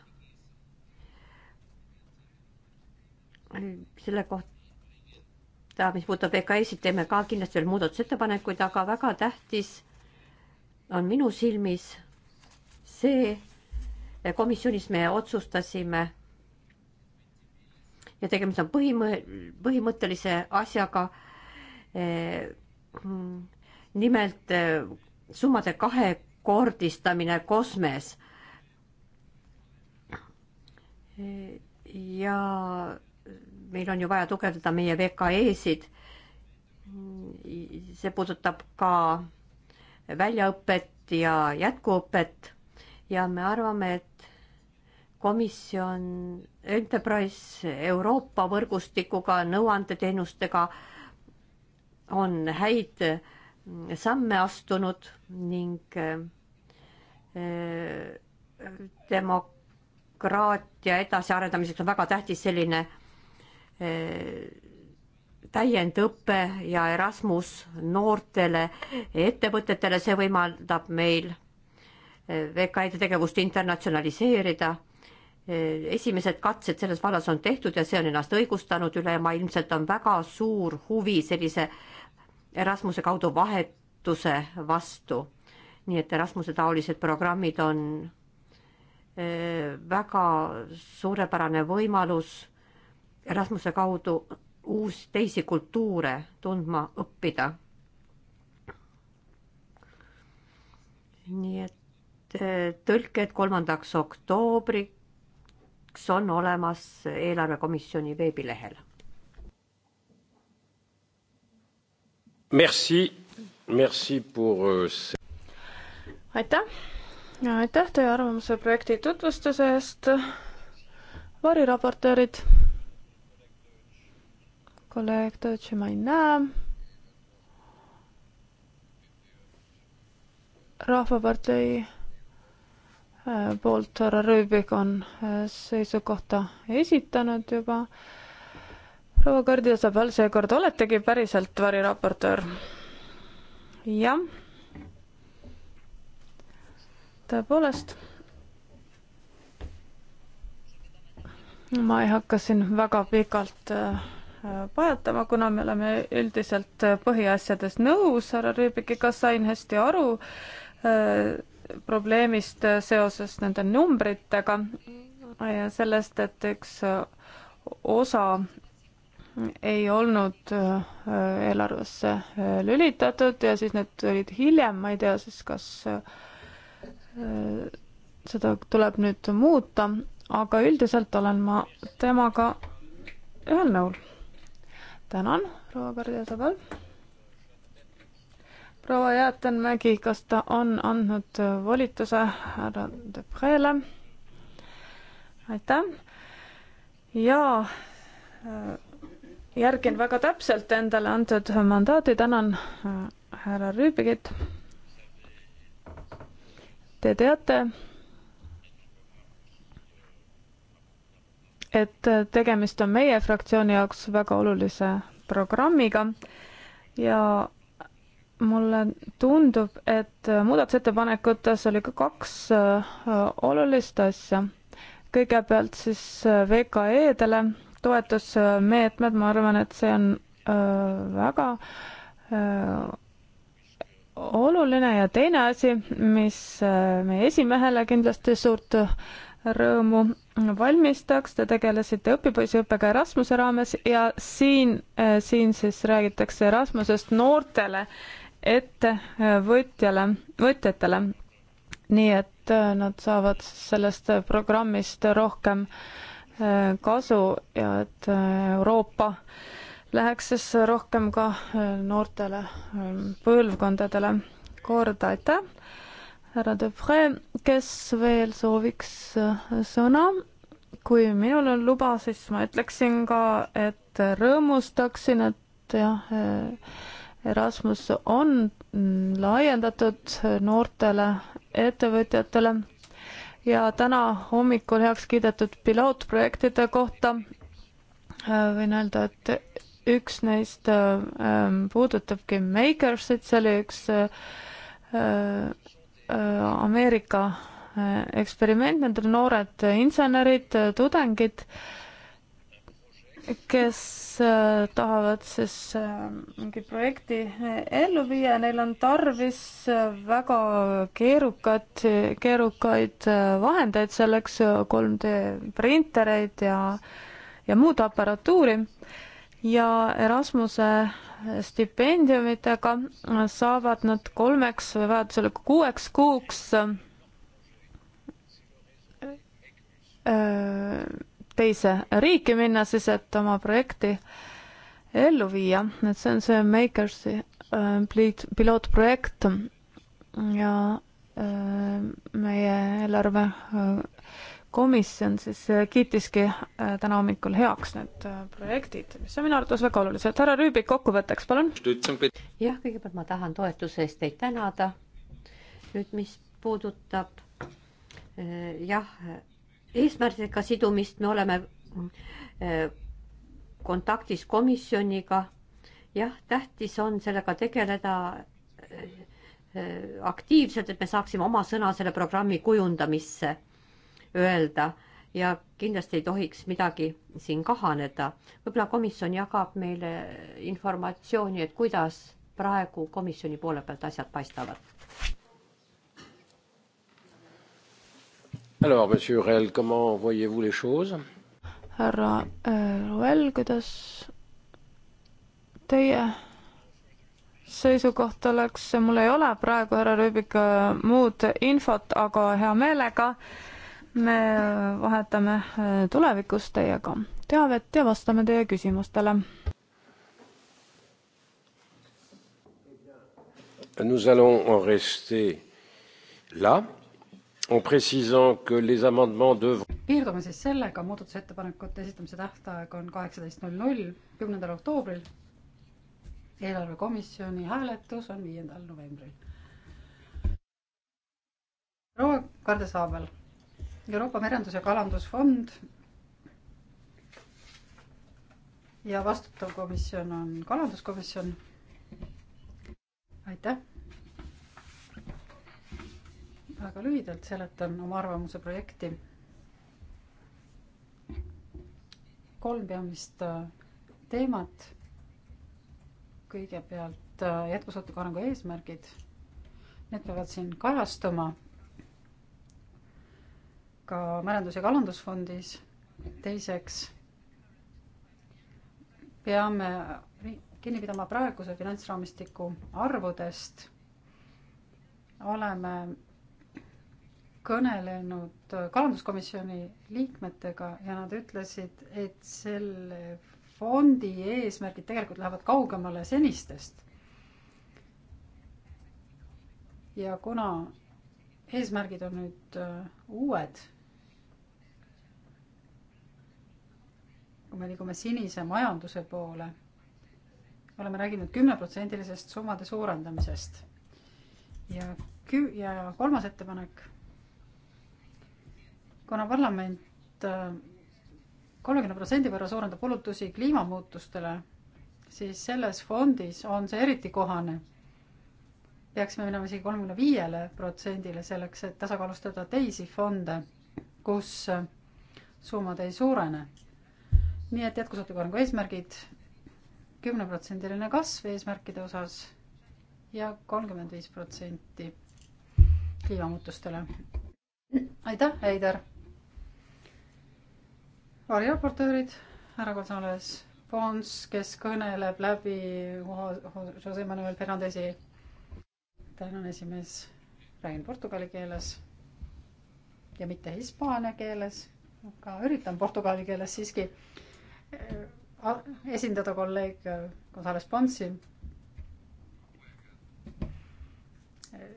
selle kohta, mis puudutab EKS-it, teeme ka kindlasti veel muudatusettepanekuid, aga väga tähtis on minu silmis see eh, komisjonis me otsustasime ja tegemist on põhimõ-, põhimõttelise asjaga eh,. nimelt eh, summade kahekordistamine kosmes eh,. ja meil on ju vaja tugevdada meie VKE-sid. see puudutab ka väljaõpet ja jätkuõpet ja me arvame, et komisjon Enterprise Euroopa võrgustikuga, nõuandeteenustega on häid samme astunud ning eh, demokraatia edasiarendamiseks on väga tähtis selline eh, täiendõpe ja Erasmus noortele ettevõtetele, see võimaldab meil VKE-de tegevust internatsionaliseerida. esimesed katsed selles vallas on tehtud ja see on ennast õigustanud ülemaailmselt, on väga suur huvi sellise Erasmuse kaudu vahetuse vastu. nii et Erasmuse taolised programmid on e, väga suurepärane võimalus Erasmuse kaudu uus, teisi kultuure tundma õppida. nii et Äh, tõlked kolmandaks oktoobriks on olemas eelarvekomisjoni veebilehel. Merci, merci pour. Euh, aitäh, aitäh teie arvamuse projekti tutvustuse eest. variraportöörid. kolleeg Tõtši ma ei näe Rahvapartei Äh, poolt härra Rüübik on äh, seisukohta esitanud juba. proua Kõrdi Isabel, seekord oletegi päriselt variraportöör? jah. tõepoolest. ma ei hakka siin väga pikalt äh, pajatama, kuna me oleme üldiselt põhiasjades nõus, härra Rüübik, kas sain hästi aru probleemist seoses nende numbritega ja sellest, et üks osa ei olnud äh, eelarvesse äh, lülitatud ja siis need tulid hiljem, ma ei tea siis, kas äh, seda tuleb nüüd muuta, aga üldiselt olen ma temaga ühel nõul. tänan, proua Kardia Sabal proua Jäätenmägi, kas ta on andnud volituse härra Debrele? aitäh. ja äh, järgin väga täpselt endale antud mandaati, tänan äh, härra Rüübigit. Te teate, et tegemist on meie fraktsiooni jaoks väga olulise programmiga ja mulle tundub, et äh, muudatusettepanekutes oli ka kaks äh, olulist asja. kõigepealt siis äh, VKE-dele toetusmeetmed, ma arvan, et see on väga oluline ja teine asi, mis meie esimehele kindlasti suurt rõõmu valmistaks, te tegelesite õpipoisiõppega Erasmuse raames ja siin, siin siis räägitakse Erasmusest noortele ettevõtjale, võtjatele, nii et äh, nad saavad sellest programmist rohkem äh, kasu ja et äh, Euroopa läheks siis rohkem ka noortele ähm, põlvkondadele korda, aitäh! härra Depre, kes veel sooviks sõna? kui minul on luba, siis ma ütleksin ka, et rõõmustaksin, et jah, Erasmus on mm, laiendatud noortele ettevõtjatele ja täna hommikul heaks kiidetud pilootprojektide kohta äh, võin öelda, et üks neist äh, ähm, puudutabki Makersit, see oli üks äh, Ameerika eksperiment, need on noored insenerid, tudengid kes äh, tahavad siis äh, mingi projekti äh, ellu viia, neil on tarvis väga keerukad, keerukaid vahendeid selleks, 3D printereid ja, ja muud aparatuuri. ja Erasmuse stipendiumitega saavad nad kolmeks või vajadusel kuueks kuuks öö, teise riiki minna siis, et oma projekti ellu viia, et see on see Makersi äh, pilootprojekt ja äh, meie eelarve äh, komisjon siis äh, kiitiski äh, täna hommikul heaks need äh, projektid, mis on minu arvates väga olulised. härra Rüübik, kokkuvõtteks, palun. jah, kõigepealt ma tahan toetuse eest teid tänada. nüüd, mis puudutab jah, eesmärkidega sidumist me oleme äh, kontaktis komisjoniga. jah, tähtis on sellega tegeleda äh, äh, aktiivselt, et me saaksime oma sõna selle programmi kujundamisse öelda ja kindlasti ei tohiks midagi siin kahaneda. võib-olla komisjon jagab meile informatsiooni, et kuidas praegu komisjoni poole pealt asjad paistavad Alors, monsieur Ruel, comment voyez-vous les choses? härra äh, Ruel, kuidas teie seisukoht oleks, mul ei ole praegu, härra Rüübik, äh, muud infot, aga hea meelega me äh, vahetame tulevikus teiega teavet ja vastame teie küsimustele. Nous allons en rester là piirdume siis sellega, muudatusettepanekute esitamise tähtaeg on kaheksateist null null, kümnendal oktoobril. eelarvekomisjoni hääletus on viiendal novembril. proua Karde Saabel, Euroopa Merendus- ja Kalandusfond ja vastutav komisjon on kalanduskomisjon. aitäh väga lühidalt seletan oma arvamuse projekti. kolm peamist äh, teemat. kõigepealt äh, jätkusuutliku arengu eesmärgid. Need peavad siin kajastuma ka Merendus- ja Kalandusfondis. teiseks peame kinni pidama praeguse finantsraamistiku arvudest. oleme kõnelenud kalanduskomisjoni liikmetega ja nad ütlesid, et selle fondi eesmärgid tegelikult lähevad kaugemale senistest. ja kuna eesmärgid on nüüd äh, uued, kui me liigume sinise majanduse poole, oleme rääginud kümneprotsendilisest summade suurendamisest ja kü-, ja kolmas ettepanek kuna parlament äh, kolmekümne protsendi võrra suurendab kulutusi kliimamuutustele, siis selles fondis on see eriti kohane. peaksime minema isegi kolmekümne viiele protsendile selleks, et tasakaalustada teisi fonde, kus äh, summad ei suurene. nii et jätkusuutliku arengu eesmärgid, kümneprotsendiline kasv eesmärkide osas ja kolmkümmend viis protsenti kliimamuutustele. aitäh, Heider! variraportöörid, härra Gonzales Pons, kes kõneleb läbi Jose Manuel Fernandesi. tänan, esimees. räägin portugali keeles ja mitte hispaania keeles, aga üritan portugali keeles siiski eh, esindada kolleeg Gonzales Ponsi. Eh,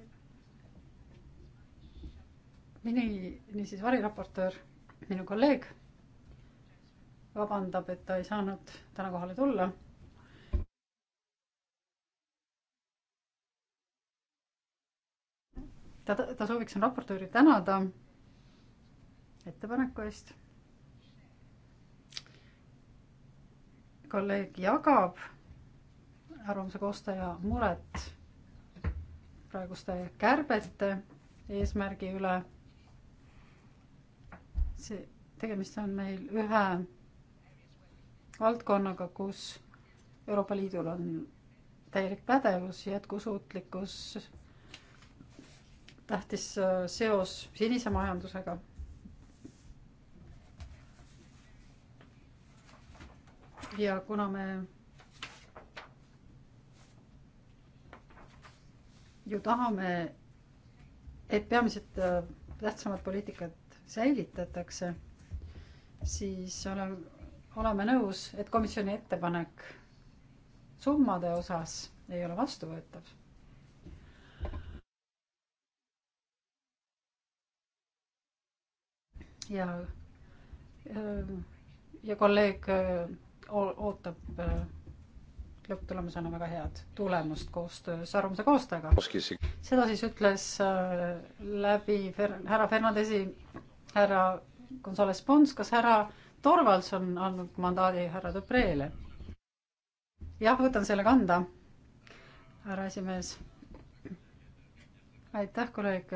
minu, niisiis variraportöör, minu kolleeg vabandab, et ta ei saanud täna kohale tulla. ta, ta sooviks raportööri tänada ettepaneku eest. kolleeg jagab arvamuse koostaja muret praeguste kärbete eesmärgi üle. see, tegemist on meil ühe valdkonnaga, kus Euroopa Liidul on täielik pädevus, jätkusuutlikkus, tähtis äh, seos sinise majandusega. ja kuna me ju tahame, et peamised äh, tähtsamad poliitikad säilitatakse, siis olen oleme nõus, et komisjoni ettepanek summade osas ei ole vastuvõetav. ja, äh, ja kolleeg äh, ootab äh, lõpptulemusena väga head tulemust koostöös arvamuse koostajaga. seda siis ütles läbi härra Fernandesi, härra Gonzalez Pons, kas härra Torvalds on andnud mandaadi härra Dupreele. jah, võtan selle kanda, härra esimees. aitäh kolleeg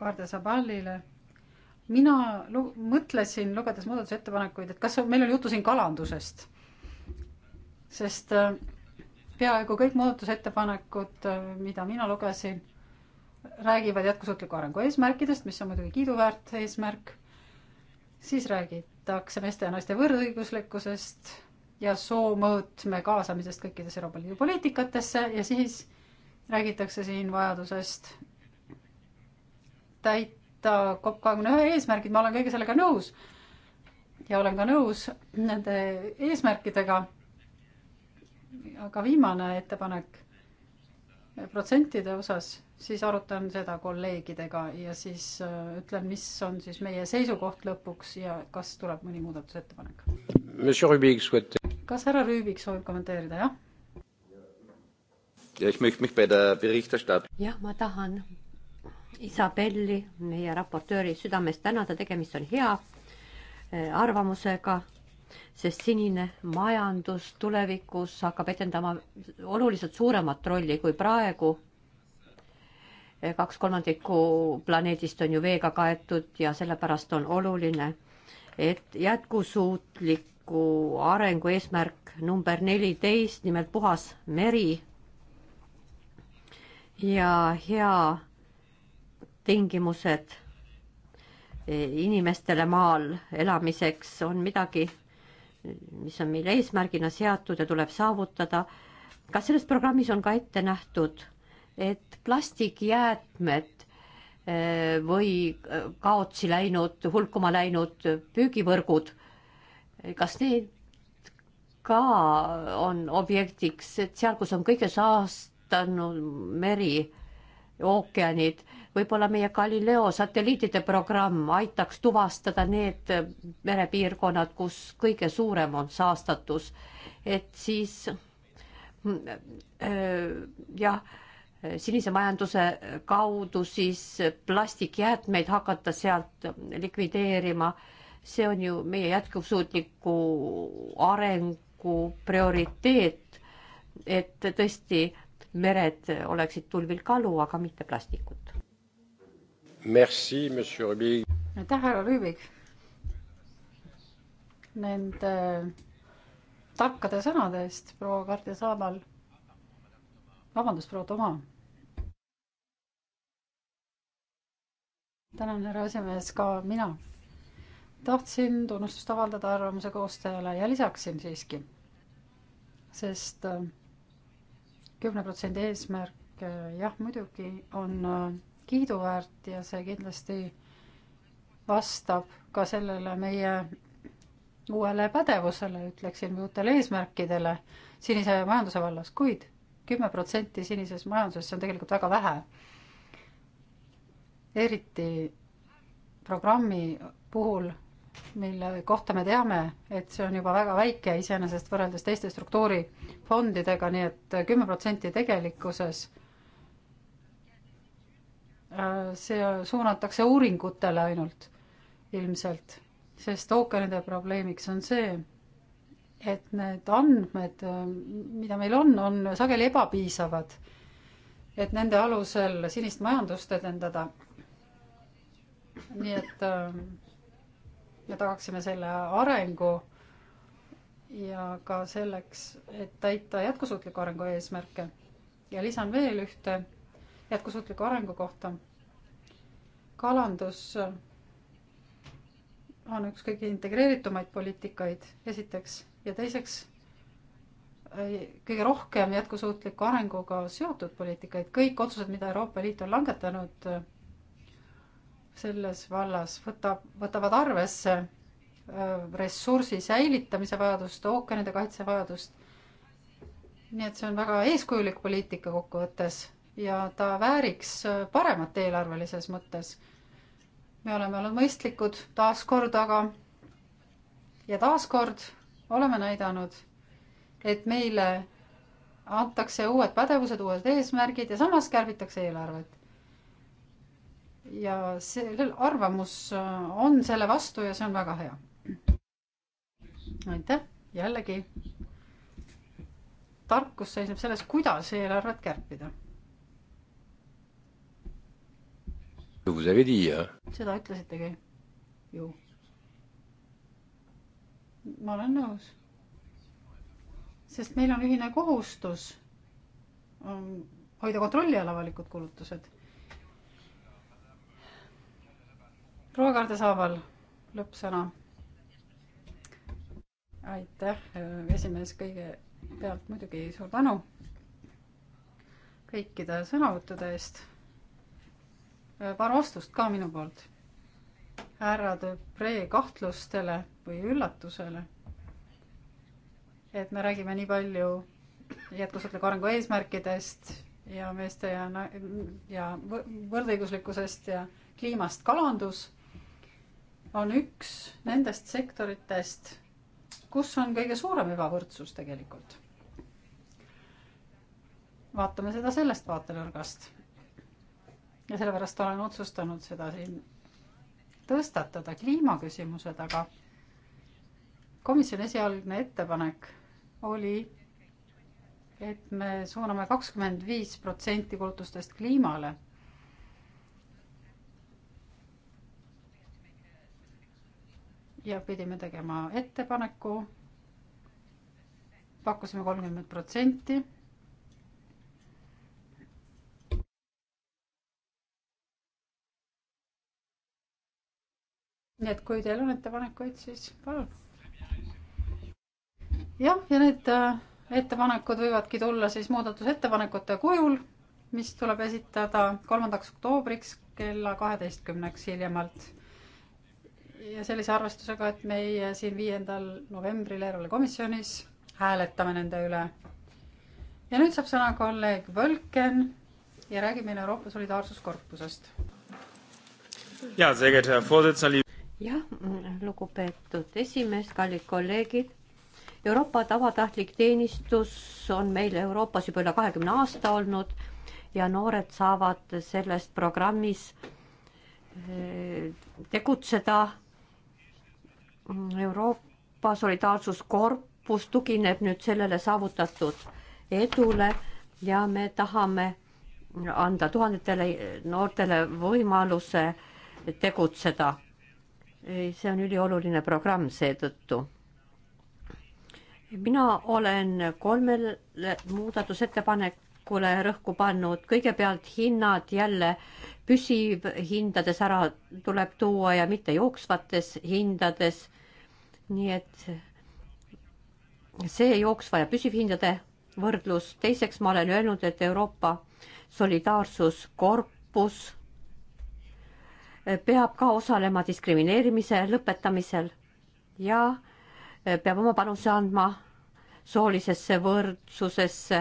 Kaarde Zabalile. mina lu-, mõtlesin, lugedes muudatusettepanekuid, et kas on, meil oli juttu siin kalandusest, sest äh, peaaegu kõik muudatusettepanekud, äh, mida mina lugesin, räägivad jätkusuutliku arengu eesmärkidest, mis on muidugi kiiduväärt eesmärk siis räägitakse meeste ja naiste võrdõiguslikkusest ja soomõõtme kaasamisest kõikides Euroopa Liidu poliitikatesse ja siis räägitakse siin vajadusest täita COP kahekümne ühe eesmärgid, ma olen kõige sellega nõus. ja olen ka nõus nende eesmärkidega. aga viimane ettepanek protsentide osas, siis arutan seda kolleegidega ja siis äh, ütlen, mis on siis meie seisukoht lõpuks ja kas tuleb mõni muudatusettepanek. kas härra Rüübik soovib kommenteerida, jah? jah, ma tahan Isabelli, meie raportööri südamest tänada, tegemist on hea äh, arvamusega sest sinine majandus tulevikus hakkab etendama oluliselt suuremat rolli kui praegu. kaks kolmandikku planeedist on ju veega kaetud ja sellepärast on oluline, et jätkusuutliku arengu eesmärk number neliteist, nimelt puhas meri ja hea tingimused inimestele maal elamiseks on midagi, mis on meile eesmärgina seatud ja tuleb saavutada. kas selles programmis on ka ette nähtud, et plastikjäätmed eh, või eh, kaotsi läinud, hulkuma läinud püügivõrgud, kas need ka on objektiks, et seal, kus on kõige saastanud meri, ookeanid, võib-olla meie Galileo satelliitide programm aitaks tuvastada need merepiirkonnad, kus kõige suurem on saastatus, et siis mm, äh, jah, sinise majanduse kaudu siis plastikjäätmeid hakata sealt likvideerima, see on ju meie jätkusuutliku arengu prioriteet, et tõesti mered oleksid tulvil kalu, aga mitte plastikut aitäh, härra Rüübik, nende äh, tarkade sõnade eest proua Kardi Saabal. vabandust, proua Toma. tänan, härra esimees, ka mina tahtsin tunnustust avaldada arvamuse koostajale ja lisaksin siiski, sest äh, kümne protsendi eesmärk äh, jah, muidugi on kiiduväärt ja see kindlasti vastab ka sellele meie uuele pädevusele, ütleksin, või uutele eesmärkidele sinise majanduse vallas, kuid kümme protsenti sinises majanduses, see on tegelikult väga vähe. eriti programmi puhul, mille kohta me teame, et see on juba väga väike iseenesest võrreldes teiste struktuurifondidega, nii et kümme protsenti tegelikkuses see suunatakse uuringutele ainult ilmselt, sest ookeanide probleemiks on see, et need andmed, mida meil on, on sageli ebapiisavad. et nende alusel sinist majandust edendada. nii et me tagaksime selle arengu ja ka selleks, et täita jätkusuutliku arengu eesmärke. ja lisan veel ühte jätkusuutliku arengu kohta. kalandus on üks kõige integreeritumaid poliitikaid, esiteks, ja teiseks kõige rohkem jätkusuutliku arenguga seotud poliitikaid, kõik otsused, mida Euroopa Liit on langetanud selles vallas, võtab, võtavad arvesse ressursi säilitamise vajadust, ookeanide kaitse vajadust. nii et see on väga eeskujulik poliitika kokkuvõttes ja ta vääriks äh, paremat eelarvelises mõttes. me oleme olnud mõistlikud taaskord, aga ja taaskord oleme näidanud, et meile antakse uued pädevused, uued eesmärgid ja samas kärbitakse eelarvet. ja sellel arvamus äh, on selle vastu ja see on väga hea. aitäh, jällegi. tarkus seisneb selles, kuidas eelarvet kärpida seda ütlesitegi ju. ma olen nõus. sest meil on ühine kohustus um, hoida kontrolli all avalikud kulutused. proua Kardesaaval lõppsõna. aitäh, äh, esimees, kõigepealt muidugi suur tänu kõikide sõnavõttude eest Äh, paar vastust ka minu poolt. härra Debre kahtlustele või üllatusele, et me räägime nii palju jätkusuutliku arengu eesmärkidest ja meeste ja, ja võrdõiguslikkusest ja kliimast kalandus on üks nendest sektoritest, kus on kõige suurem ebavõrdsus tegelikult. vaatame seda sellest vaatenurgast ja sellepärast olen otsustanud seda siin tõstatada, kliimaküsimused, aga komisjoni esialgne ettepanek oli, et me suuname kakskümmend viis protsenti kulutustest kliimale. ja pidime tegema ettepaneku, pakkusime kolmkümmend protsenti nii et kui teil on ettepanekuid, siis palun. jah, ja need äh, ettepanekud võivadki tulla siis muudatusettepanekute kujul, mis tuleb esitada kolmandaks oktoobriks kella kaheteistkümneks hiljemalt. ja sellise arvestusega, et meie siin viiendal novembril ERR-i komisjonis hääletame nende üle. ja nüüd saab sõna kolleeg Völken ja räägime Euroopa Solidaarsuskorpusest. ja, sehr geehrter Vorsitzender, jah, lugupeetud esimees, kallid kolleegid. Euroopa tavatahtlik teenistus on meil Euroopas juba üle kahekümne aasta olnud ja noored saavad selles programmis eh, tegutseda. Euroopa Solidaarsuskorpus tugineb nüüd sellele saavutatud edule ja me tahame anda tuhandetele noortele võimaluse tegutseda see on ülioluline programm seetõttu. mina olen kolmele muudatusettepanekule rõhku pannud, kõigepealt hinnad jälle püsivhindades ära tuleb tuua ja mitte jooksvates hindades. nii et see jooksva ja püsivhindade võrdlus, teiseks ma olen öelnud, et Euroopa solidaarsuskorpus Eh, peab ka osalema diskrimineerimise lõpetamisel ja eh, peab oma panuse andma soolisesse võrdsusesse,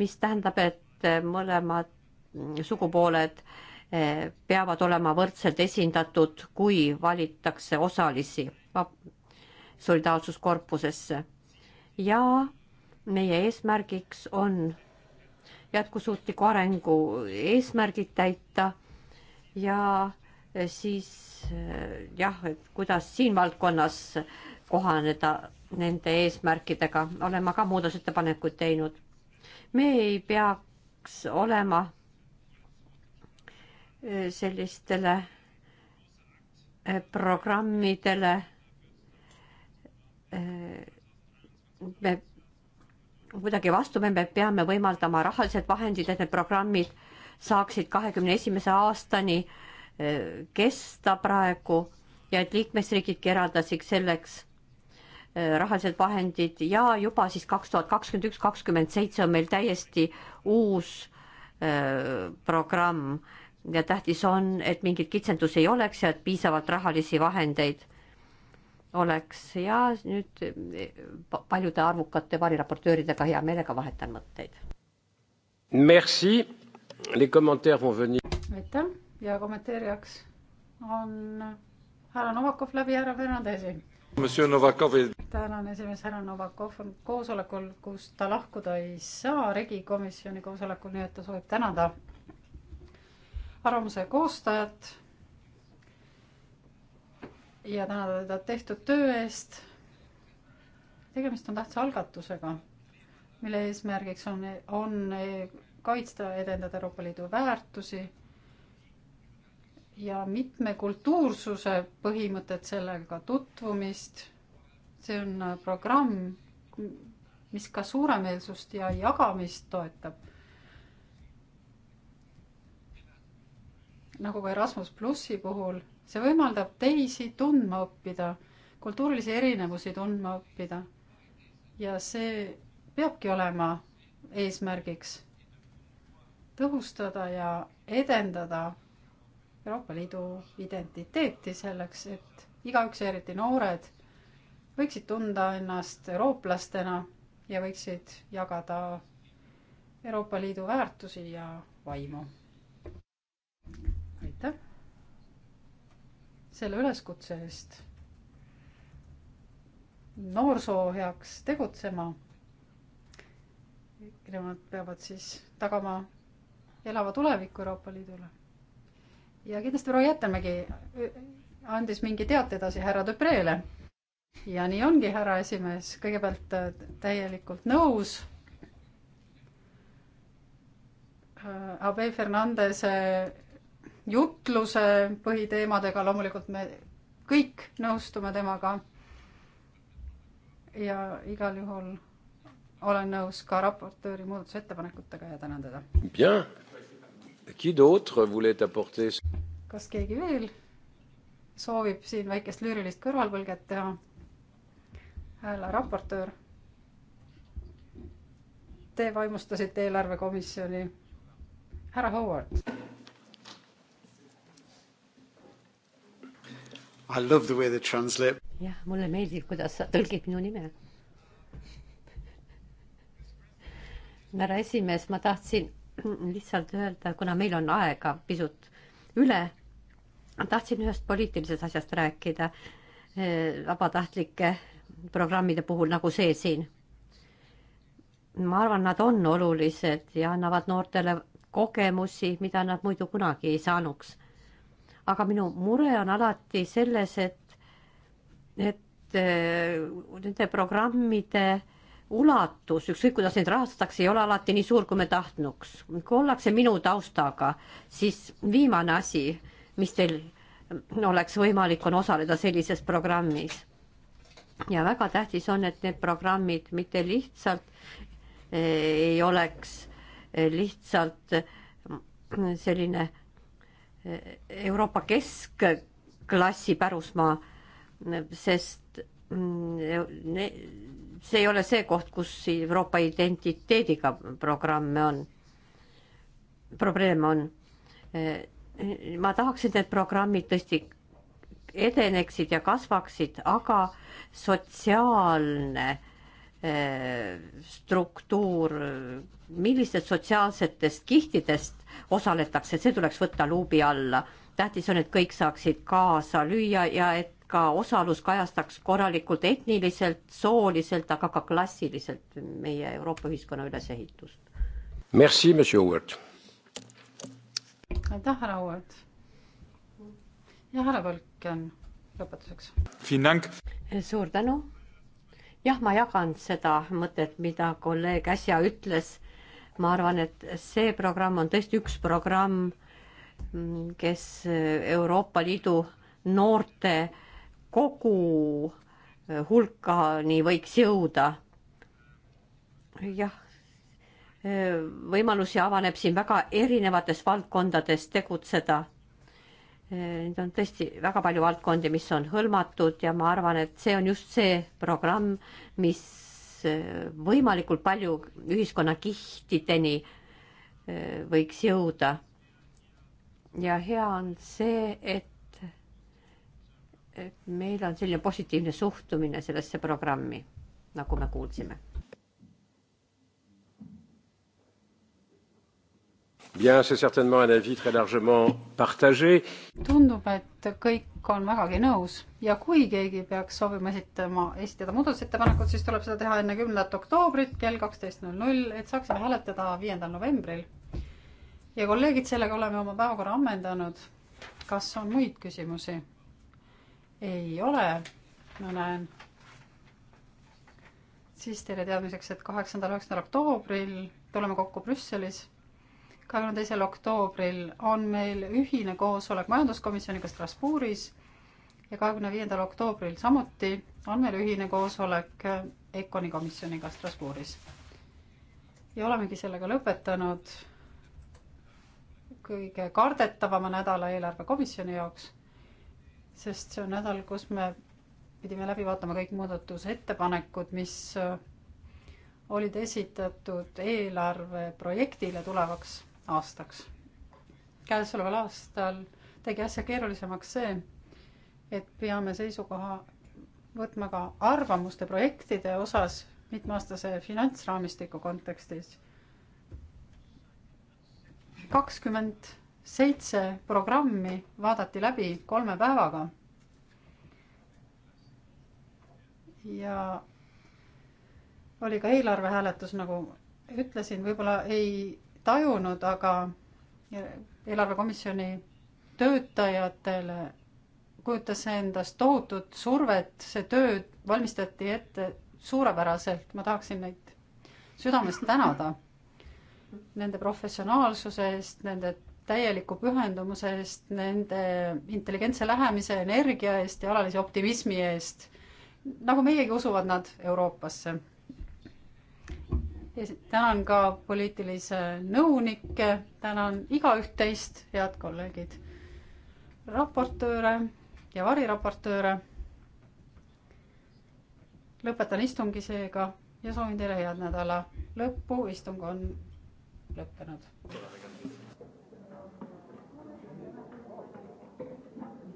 mis tähendab, et eh, mõlemad mm, sugupooled peavad olema võrdselt esindatud, kui valitakse osalisi solidaarsuskorpusesse. ja meie eesmärgiks on jätkusuutliku arengu eesmärgid täita ja siis eh, jah, et kuidas siin valdkonnas kohaneda nende eesmärkidega, olen ma ka muudatusettepanekuid teinud. me ei peaks olema eh, sellistele eh, programmidele me kuidagi vastu, me peame võimaldama rahalised vahendid, et need programmid saaksid kahekümne esimese aastani äh, kesta praegu ja et liikmesriigidki eraldasid selleks äh, rahalised vahendid ja juba siis kaks tuhat kakskümmend üks, kakskümmend seitse on meil täiesti uus äh, programm ja tähtis on, et mingeid kitsendusi ei oleks ja et piisavalt rahalisi vahendeid oleks ja nüüd äh, paljude arvukate variraportööridega hea meelega vahetan mõtteid. Merci, les commentaires vont venir. aitäh ja kommenteerijaks on härra Novakov läbi härra Fernandesi. tänan, esimees härra Novakov on koosolekul, kus ta lahkuda ei saa, regikomisjoni koosolekul, nii et ta soovib tänada arvamuse koostajat ja tänada teda tehtud töö eest. tegemist on tähtsa algatusega, mille eesmärgiks on, on kaitsta, edendada Euroopa Liidu väärtusi ja mitmekultuursuse põhimõtet, sellega tutvumist. see on äh, programm, mis ka suuremeelsust ja jagamist toetab. nagu ka Erasmus plussi puhul, see võimaldab teisi tundma õppida, kultuurilisi erinevusi tundma õppida. ja see peabki olema eesmärgiks tõhustada ja edendada Euroopa Liidu identiteeti selleks, et igaüks, eriti noored, võiksid tunda ennast eurooplastena ja võiksid jagada Euroopa Liidu väärtusi ja vaimu. aitäh selle üleskutse eest noorsoo heaks tegutsema. nemad peavad siis tagama elava tuleviku Euroopa Liidule ja kindlasti proua Jättemägi andis mingi teate edasi härra Dupreele. ja nii ongi, härra esimees, kõigepealt äh, täielikult nõus. Äh, Abe Fernandese jutluse põhiteemadega, loomulikult me kõik nõustume temaga. ja igal juhul olen nõus ka raportööri muudatusettepanekutega ja tänan teda kas keegi veel soovib siin väikest lüürilist kõrvalpõlget teha? hääle raportöör. Te vaimustasite eelarvekomisjoni. härra Howard. I love the way they translate. jah, mulle meeldib, kuidas sa tõlgid minu nime härra esimees, ma tahtsin lihtsalt öelda, kuna meil on aega pisut üle, tahtsin ühest poliitilisest asjast rääkida eh, vabatahtlike programmide puhul, nagu see siin. ma arvan, nad on olulised ja annavad noortele kogemusi, mida nad muidu kunagi ei saanuks. aga minu mure on alati selles, et, et eh, nende programmide ulatus, ükskõik kuidas neid rahastatakse, ei ole alati nii suur, kui me tahtnuks. kui ollakse minu taustaga, siis viimane asi mis teil mm, oleks võimalik, on osaleda sellises programmis. ja väga tähtis on, et need programmid mitte lihtsalt eh, ei oleks eh, lihtsalt mm, selline eh, Euroopa keskklassi pärusmaa, sest mm, e, see ei ole see koht, kus Euroopa identiteediga programme on, probleeme on ma tahaksin, et need programmid tõesti edeneksid ja kasvaksid, aga sotsiaalne eh, struktuur, millistest sotsiaalsetest kihtidest osaletakse, see tuleks võtta luubi alla. tähtis on, et kõik saaksid kaasa lüüa ja et ka osalus kajastaks korralikult etniliselt, sooliselt, aga ka klassiliselt meie Euroopa ühiskonna ülesehitust. Merci, monsieur Uuert aitäh, härra Howard. ja härra Põlken lõpetuseks. suur tänu. jah, ma jagan seda mõtet, mida kolleeg äsja ütles. ma arvan, et see programm on tõesti üks programm, kes Euroopa Liidu noorte kogu hulkani võiks jõuda. jah võimalusi avaneb siin väga erinevates valdkondades tegutseda. Need on tõesti väga palju valdkondi, mis on hõlmatud ja ma arvan, et see on just see programm, mis eh, võimalikult palju ühiskonnakihtideni eh, võiks jõuda. ja hea on see, et, et meil on selline positiivne suhtumine sellesse programmi, nagu me kuulsime Bien, c'est certainement un avis très largement partagé. tundub, et kõik on vägagi nõus ja kui keegi peaks soovima esitama, esitada muudatusettepanekut, siis tuleb seda teha enne kümnendat oktoobrit kell kaksteist null null, et saaksime hääletada viiendal novembril. ja kolleegid, sellega oleme oma päevakorra ammendanud. kas on muid küsimusi? ei ole, ma näen. siis teile teadmiseks, et kaheksandal, üheksandal oktoobril tuleme kokku Brüsselis kahekümne teisel oktoobril on meil ühine koosolek majanduskomisjoniga Strasbourgis ja kahekümne viiendal oktoobril samuti on meil ühine koosolek EKONi komisjoniga Strasbourgis. ja olemegi sellega lõpetanud kõige kardetavama nädala eelarvekomisjoni jaoks, sest see on nädal, kus me pidime läbi vaatama kõik muudatusettepanekud, mis olid esitatud eelarve projektile tulevaks aastaks. käesoleval aastal tegi asja keerulisemaks see, et peame seisukoha võtma ka arvamuste projektide osas mitmeaastase finantsraamistiku kontekstis. kakskümmend seitse programmi vaadati läbi kolme päevaga. ja oli ka eelarvehääletus, nagu ütlesin, võib-olla ei tajunud, aga eelarvekomisjoni töötajatele kujutas endast tohutut survet, see töö valmistati ette suurepäraselt, ma tahaksin neid südamest tänada nende professionaalsuse eest, nende täieliku pühendumuse eest, nende intelligentse lähemise, energia eest ja alalise optimismi eest. nagu meiegi usuvad nad Euroopasse tänan ka poliitilise nõunikke, tänan igaüht-teist, head kolleegid, raportööre ja variraportööre. lõpetan istungi seega ja soovin teile head nädala lõppu, istung on lõppenud.